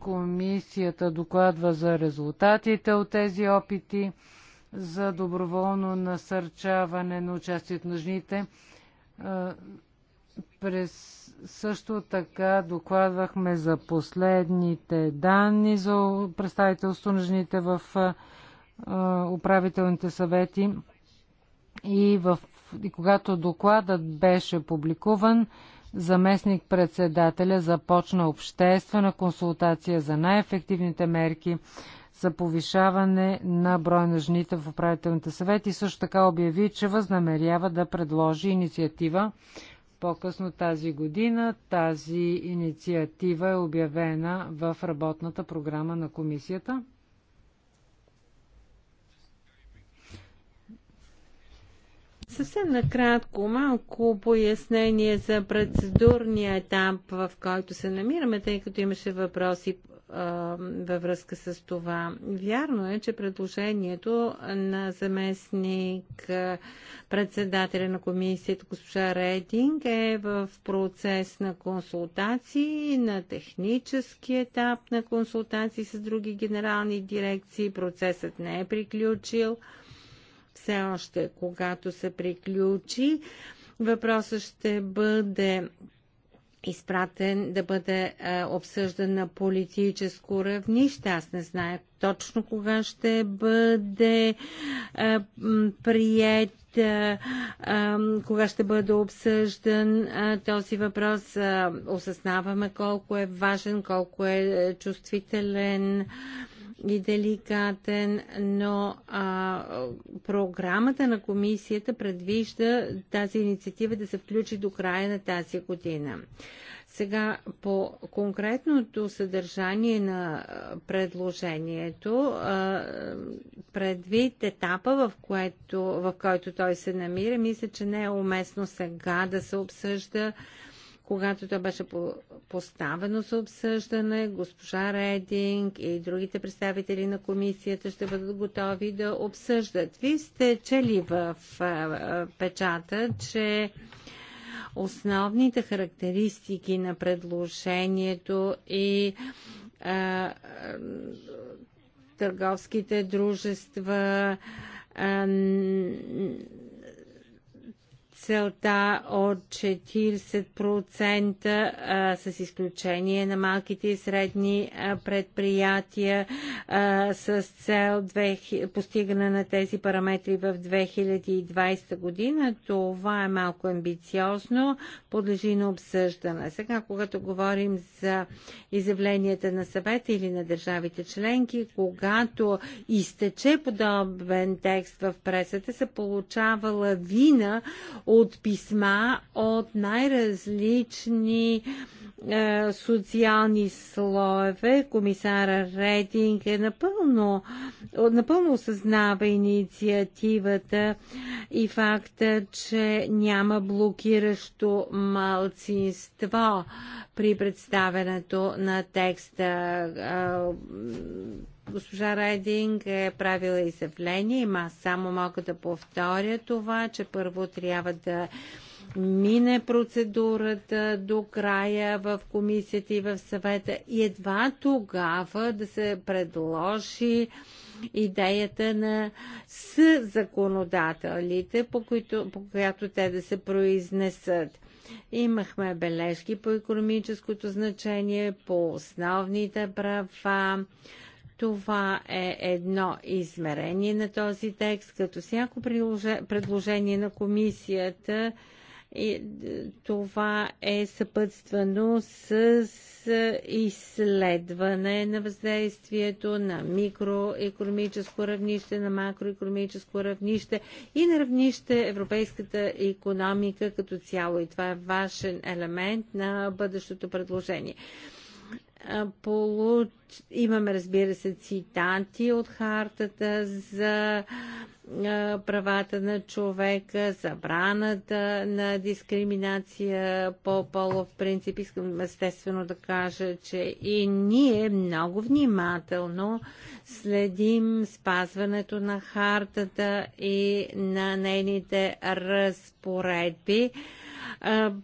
Speaker 2: Комисията докладва за резултатите от тези опити за доброволно насърчаване на участието на жените през също така докладвахме за последните данни за представителство на жените в управителните съвети и, в, и когато докладът беше публикуван, заместник председателя започна обществена консултация за най-ефективните мерки за повишаване на брой на жените в управителните съвети. Също така обяви, че възнамерява да предложи инициатива по-късно тази година тази инициатива е обявена в работната програма на комисията. Съвсем накратко, малко
Speaker 3: пояснение за процедурния етап, в който се намираме, тъй като имаше въпроси във връзка с това. Вярно е, че предложението на заместник председателя на комисията госпожа Рейдинг е в процес на консултации, на технически етап на консултации с други генерални дирекции. Процесът не е приключил. Все още, когато се приключи, въпросът ще бъде изпратен да бъде а, обсъждан на политическо равнище. Аз не зная точно кога ще бъде а, прият, кога ще бъде обсъждан този въпрос. осъзнаваме колко е важен, колко е, е чувствителен и деликатен, но а, програмата на комисията предвижда тази инициатива да се включи до края на тази година. Сега по конкретното съдържание на предложението, предвид етапа, в, което, в който той се намира, мисля, че не е уместно сега да се обсъжда когато то беше поставено за обсъждане, госпожа Рединг и другите представители на комисията ще бъдат готови да обсъждат. Ви сте чели в печата, че основните характеристики на предложението и търговските дружества, а, целта от 40% а, с изключение на малките и средни а, предприятия а, с цел две, постигане на тези параметри в 2020 година. Това е малко амбициозно, подлежи на обсъждане. Сега, когато говорим за изявленията на съвета или на държавите членки, когато изтече подобен текст в пресата, се получава лавина от писма от най-различни е, социални слоеве. Комисара Рейтинг е напълно, напълно осъзнава инициативата и факта, че няма блокиращо малцинство при представенето на текста. Е, Госпожа Райдинг е правила изявление, има само мога да повторя това, че първо трябва да мине процедурата до края в комисията и в съвета и едва тогава да се предложи идеята на с законодателите, по, които, по която те да се произнесат. Имахме бележки по економическото значение, по основните права, това е едно измерение на този текст, като всяко предложение на комисията. И е, това е съпътствано с изследване на въздействието на микроекономическо равнище, на макроекономическо равнище и на равнище европейската економика като цяло. И това е важен елемент на бъдещото предложение. Получ... Имаме, разбира се, цитати от хартата за правата на човека, забраната на дискриминация по полов принцип. Искам естествено да кажа, че и ние много внимателно следим спазването на хартата и на нейните разпоредби.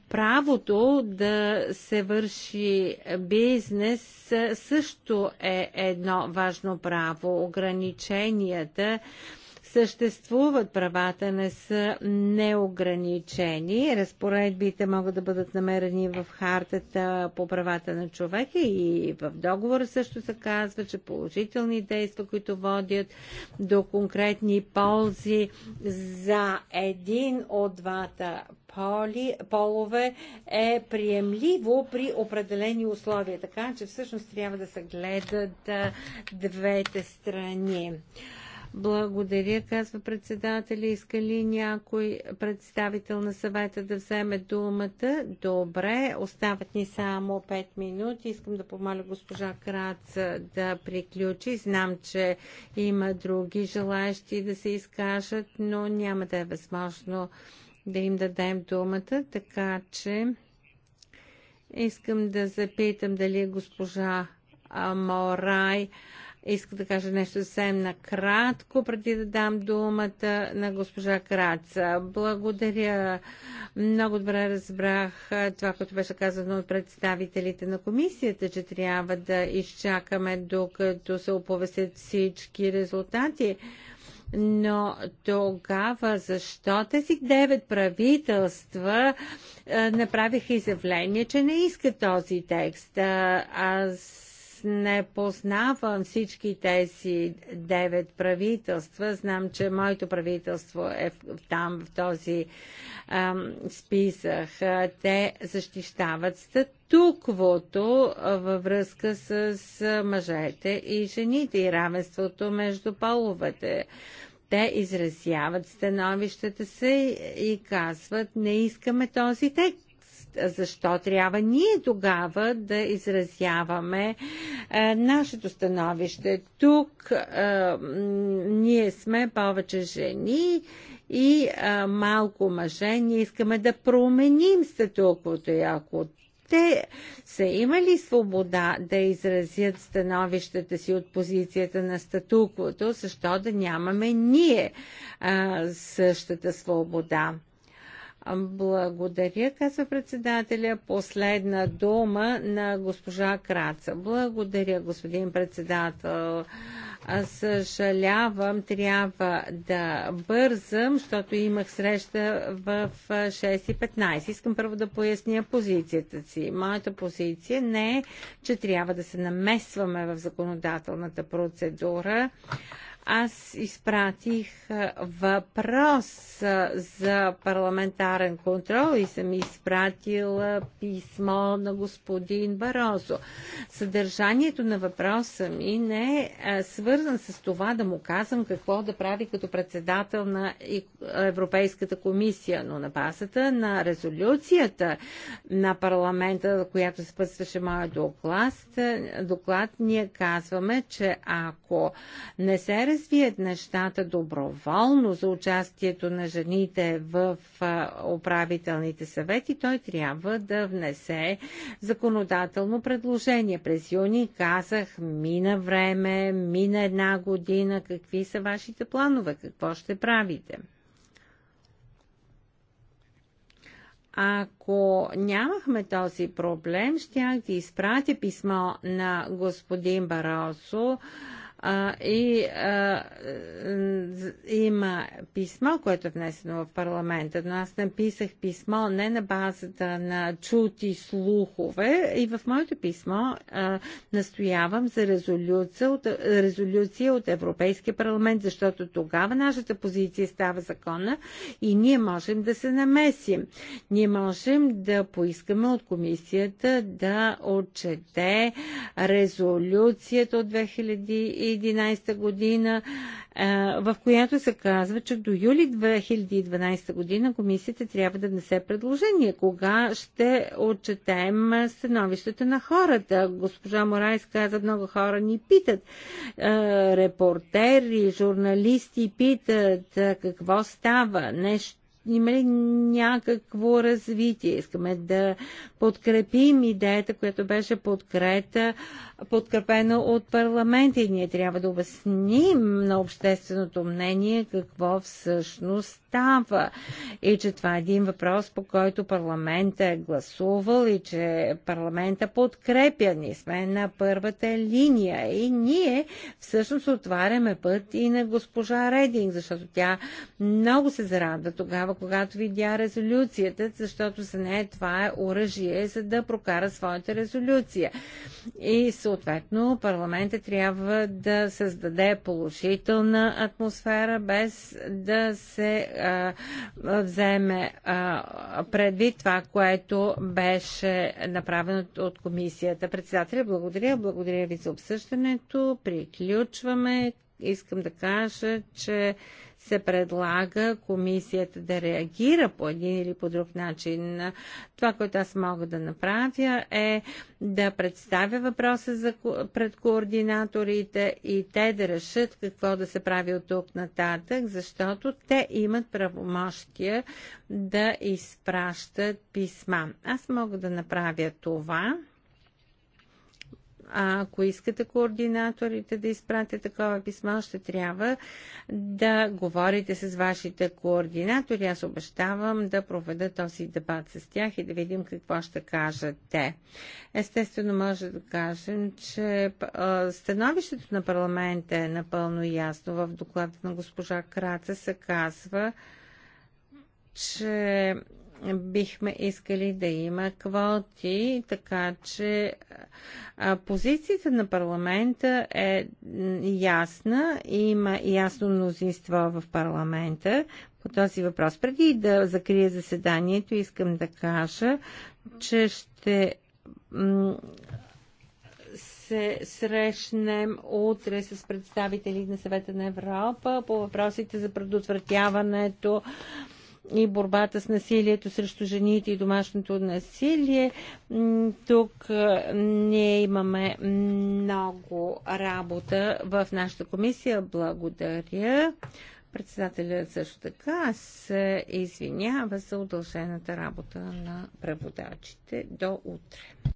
Speaker 3: Правото да се върши бизнес също е едно важно право. Ограниченията съществуват, правата не са неограничени. Разпоредбите могат да бъдат намерени в хартата по правата на човека и в договора също се казва, че положителни действия, които водят до конкретни ползи за един от двата поли, полове е приемливо при определени условия. Така че всъщност трябва да се гледат двете страни. Благодаря, казва председателя. Иска ли някой представител на съвета да вземе думата? Добре, остават ни само 5 минути. Искам да помоля госпожа Крац да приключи. Знам, че има други желаящи да се изкажат, но няма да е възможно да им дадем думата, така че искам да запитам дали е госпожа Морай. Морай иска да кажа нещо съвсем накратко, преди да дам думата на госпожа Краца. Благодаря. Много добре разбрах това, което беше казано от представителите на комисията, че трябва да изчакаме докато се оповестят всички резултати. Но тогава защо тези девет правителства направиха изявление, че не искат този текст? Аз не познавам всички тези девет правителства. Знам, че моето правителство е там, в този ам, списък. Те защищават статуквото във връзка с мъжете и жените и равенството между половете те изразяват становищата се и казват, не искаме този текст. Защо трябва ние тогава да изразяваме а, е, нашето становище? Тук а, е, ние сме повече жени и а, е, малко мъже. Ние искаме да променим статуквото и ако те са имали свобода да изразят становищата си от позицията на статуквото, защо да нямаме ние а, същата свобода? Благодаря, казва председателя. Последна дума на госпожа Краца. Благодаря, господин председател. Съжалявам, трябва да бързам, защото имах среща в 6.15. Искам първо да поясня позицията си. Моята позиция не е, че трябва да се намесваме в законодателната процедура. Аз изпратих въпрос за парламентарен контрол и съм изпратила писмо на господин Барозо. Съдържанието на въпроса ми не е свързан с това да му казвам какво да прави като председател на Европейската комисия, но на базата на резолюцията на парламента, която спътстваше моят доклад, доклад, ние казваме, че ако не се развият нещата доброволно за участието на жените в управителните съвети, той трябва да внесе законодателно предложение. През юни казах, мина време, мина една година, какви са вашите планове, какво ще правите? Ако нямахме този проблем, щях да изпратя писмо на господин Баросо, и е, има писмо, което е внесено в парламента, но аз написах писмо не на базата на чути слухове и в моето писмо настоявам за резолюция от, резолюция от Европейския парламент, защото тогава нашата позиция става закона и ние можем да се намесим. Ние можем да поискаме от комисията да отчете резолюцията от 2000 2011 година, в която се казва, че до юли 2012 година комисията трябва да внесе предложение. Кога ще отчетем становището на хората? Госпожа Морайс каза, много хора ни питат. Репортери, журналисти питат какво става. Нещо има ли някакво развитие. Искаме да подкрепим идеята, която беше подкрета, подкрепена от парламента и ние трябва да обясним на общественото мнение какво всъщност става и че това е един въпрос, по който парламента е гласувал и че парламента подкрепя. Ние сме на първата линия и ние всъщност отваряме път и на госпожа Рединг, защото тя много се зарадва тогава, когато видя резолюцията, защото за нея това е оръжие, за да прокара своята резолюция. И съответно парламента трябва да създаде положителна атмосфера, без да се вземе предвид това, което беше направено от комисията. Председателя, благодаря. Благодаря ви за обсъждането. Приключваме. Искам да кажа, че се предлага комисията да реагира по един или по друг начин. Това, което аз мога да направя е да представя въпроса за, пред координаторите и те да решат какво да се прави от тук нататък, защото те имат правомощия да изпращат писма. Аз мога да направя това а ако искате координаторите да изпратят такова писмо, ще трябва да говорите с вашите координатори. Аз обещавам да проведа този дебат с тях и да видим какво ще кажат те. Естествено, може да кажем, че становището на парламента е напълно ясно. В доклада на госпожа Краца се казва, че бихме искали да има квоти, така че позицията на парламента е ясна и има ясно мнозинство в парламента по този въпрос. Преди да закрия заседанието, искам да кажа, че ще се срещнем утре с представители на съвета на Европа по въпросите за предотвратяването и борбата с насилието срещу жените и домашното насилие. Тук ние имаме много работа в нашата комисия. Благодаря. Председателят също така се извинява за удължената работа на преводачите до утре.